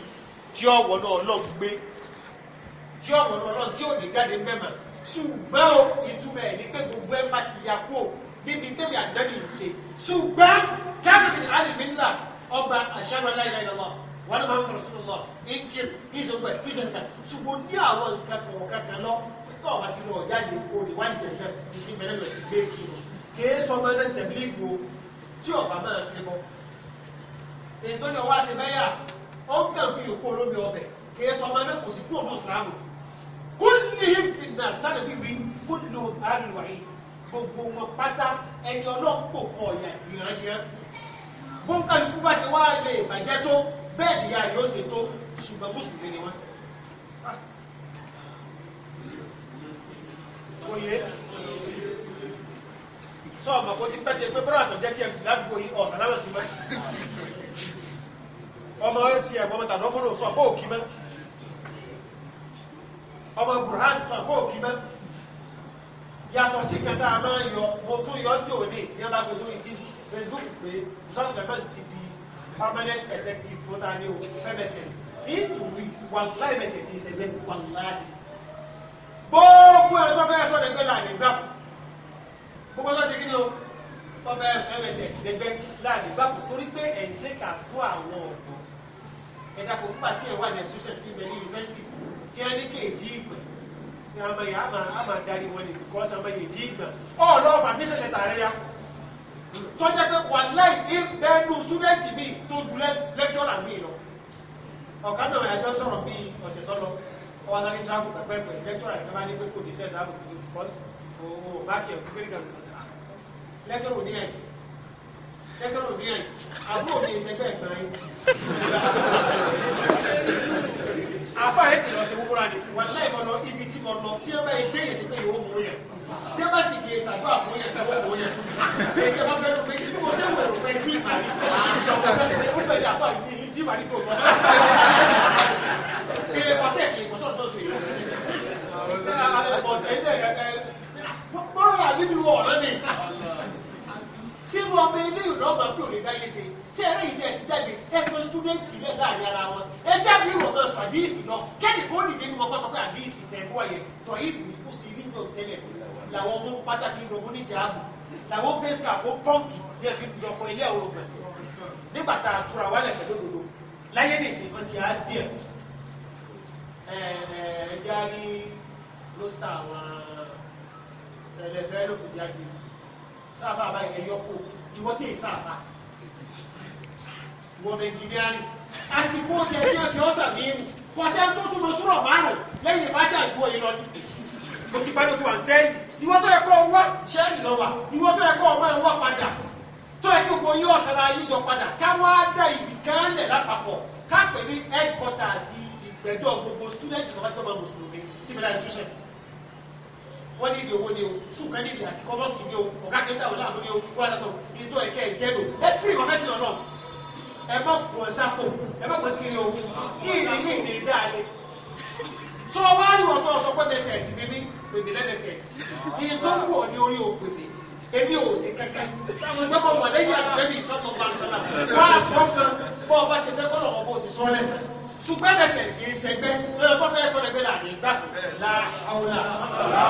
tí ọ̀wọ̀ náà ọlọ́run gbé tí ọ̀wọ̀ náà ọlọ́run tí òde jáde ń bẹ̀mọ̀ ṣùgbọ́n o ìtumọ̀ ẹ̀ ní pé gbogbo ẹ̀ bá ti ya kú o níbi tẹ́mi àdájọ́ yìí ṣe ṣùgbọ́n káàdùn alìmílà ọba àṣàmàlà ìlànà wọn náà máa ń tọrọ sínú lọ ìkìr ìṣògbẹ ìṣògbẹ ṣùgbọ́n ní àwọn nǹkan kọ̀ọ̀ kankan lọ tó ọba ti lọ jáde òde wáyé tẹ̀lé ìdí mẹ́lẹ́mẹ́ ti gbé kí o kìí sọ ọmọ ẹ̀dẹ́ tẹ̀lé ìgbò tí ọba máa ṣe bọ́ èyí tó ní ọwọ́ àṣẹ bẹ́yà ó ń kàn fi ìkó olómi ọbẹ̀ kì í sọ ọmọ náà kò sí kú òun ìsìlámù kó lè fi nà tánà bí wí kó lo àárín wàyí gbogbo wọn pátá ẹni ọlọ́run kò kọ ọ̀yà ìrànyàn bó ń kálukú bá ṣe wá lè bàjẹ́ tó bẹ́ẹ̀ ni ìyá yóò ṣe tó ṣùgbọ́n mùsùlùmí ni wọ́n. oyè sọ ọmọ kò ti pẹ́ tiẹ̀ pé bọ́lá àtọ̀jẹ́ tmc ládùúgbò yìí ọ̀sán lábẹ́sùn mọ́ ọmọ etí ẹ̀ ọmọ tàdọ́fónò sọ pé òkì mẹ́ ọmọ burhan sọ pé òkì mẹ́ yàtọ̀ sí kẹta a máa yọ mo tún yọ ń dòwe ní ní abáko sórí Facebook pé resource payment ti di permanent executive tó ta ní o MSS nítorí wàláì MSS ìṣẹ̀lẹ̀ wàláì gbogbo ẹ̀ tó fẹ́ sọ nígbẹ́ láàrin gbà fún gbogbo tó ti kí ni o tó fẹ́ sọ MSS nígbẹ́ láàrin gbà fún torí pé ẹ̀ ń ṣèkà fún àwọn ọ̀dọ́ ẹ̀dá kò nígbà tí ẹ̀ wà ní ẹ̀sọ́sẹ̀ tí ibẹ̀ ní yunifásitì tí wọ́n ní kéèjì ìgbẹ̀ ní àmọ́ yà á máa darí wọn ni because àmọ́ yè jí ìgbà ọ̀ lọ́wọ́ fàdíṣẹ̀ lẹ́tà rẹ̀ ya tọ́jà pé wà láì ní bẹ́ẹ̀nu súdẹ́ẹ̀tì mi tó ju lẹ́kítọ́rà mi lọ ọ̀kan náà ẹ̀jọ́ sọ̀rọ̀ bí ọ̀sẹ̀ tó lọ ọwọ́ sáré tíráfù pẹ̀pẹ́pẹ̀ lẹ́kítọ́rà rẹ̀ bá ní pé kò ní sẹ́ẹ̀sì àbùkù because òun ò má kí ẹ̀ fún kéríkà lẹ́kítọ́rà ò ní ẹ̀jẹ̀ ẹgbẹ́ òbí yẹn àbúrò mi ìṣẹ́gbẹ́ ẹ̀gbọ́n yín. àfa ẹ̀ sì lọ sí wúwúra ni wà láì mọ lọ ibi tí mo lọ tí ẹ bá yẹ gbé yẹn sí pé ìwọ mú yẹn tí ẹ bá sì gbé sàdúrà fún yẹn ìwọ mú yẹn èyí ọmọ fẹ́ ló pé kí mo ṣe wẹ̀ ló pé tí ìmà ní àṣà ọmọ fẹ́ ló pé ó bẹ̀rẹ̀ àfa ní ìdí ìmà ní kò mọ́ àbí mi wọ̀ ọ̀rẹ́ mi sínú ọmọ ilé ìrọ̀mà pé òní dáyé ṣe ṣé eré ìdí ẹ̀ ti jáde ẹ fẹ́ stúdẹ̀ntì rẹ̀ láàrin ara wọn ẹ jáde ìwọ̀n náà sọ àdíìfì náà kẹ́ni kó nìdí ni wọ́n kọ́ sọ pé àdíìfì tẹ̀ bọ́ yẹn tọ̀ ìfì ni kò sí rí jọ tẹ́lẹ̀ làwọn ọmọ pátákì ìdòwò ní jàábù làwọn fẹ́sì kà kó pọ́ǹkì ní ẹ̀fí ìdọ̀kọ̀ ilé òrògbà nígbà tá a tura wálẹ̀ pẹ̀lú òdodo láyé ní ìsìn kan ti á díẹ̀ ẹ̀ẹ́dẹ́gbẹ́ni ló sta àwọn ẹlẹ́fẹ́ ló fi jáde sáfà báyìí ẹ̀yọ́ kó ìwọ́ tẹ̀ sáfà wọ nàìjíríà ni àsìkò oúnjẹ tí wọ́n fi ọ́ sàmì irun kò sẹ́ni tó tún lọ sùúrọ̀ márùn lẹ́yìn fájà ìdúró yìí lọ ní mo ti pẹ́ tó ti wà ní sẹ́yìn ìwọ tó yẹ kó o wá sẹ́yìn lọ wà ìwọ tó yẹ kó o máa padà tó yẹ kí gbogbo yóò sara yín jọ padà káwá dá ibì kan lẹ̀ lápapọ̀ káàpẹ̀ ní headquarters ìgbẹ́jọ́ gbogbo student lọ́wọ́ tó mùsùlùmí tí mi láì ṣúṣẹ́ wọ́n ní ìdè owó ni o sùn kan ní ìdè àti kọ́mọ́sì ni o ọ̀gá kẹ́ńtà wọlé àbúrò ni o wọ́n aṣọ ní tó ẹ̀kẹ́ ẹ̀jẹ̀ lò ẹ fi ìkọ́fẹ́sìn ọ̀nà ẹ mọ̀ pọ̀ sápò ẹ mọ̀ pọ̀ sí kiri o ní ìdè ní ìdè dáadé sọ wá rí wọn tó sọ pé mẹsẹ̀s ni mí pèmí lẹ́mẹsẹ̀s ní tó wù ọ ní orí o pèmí èmi ò sí kankan ṣùgbọ́n mo mọ̀ lẹ́yìn àgbẹ̀bí ìsọ́nà bá ń sọ́nà wá sọ kan bọ́ ọ bá ṣe fẹ́ kọ́ lọ́wọ́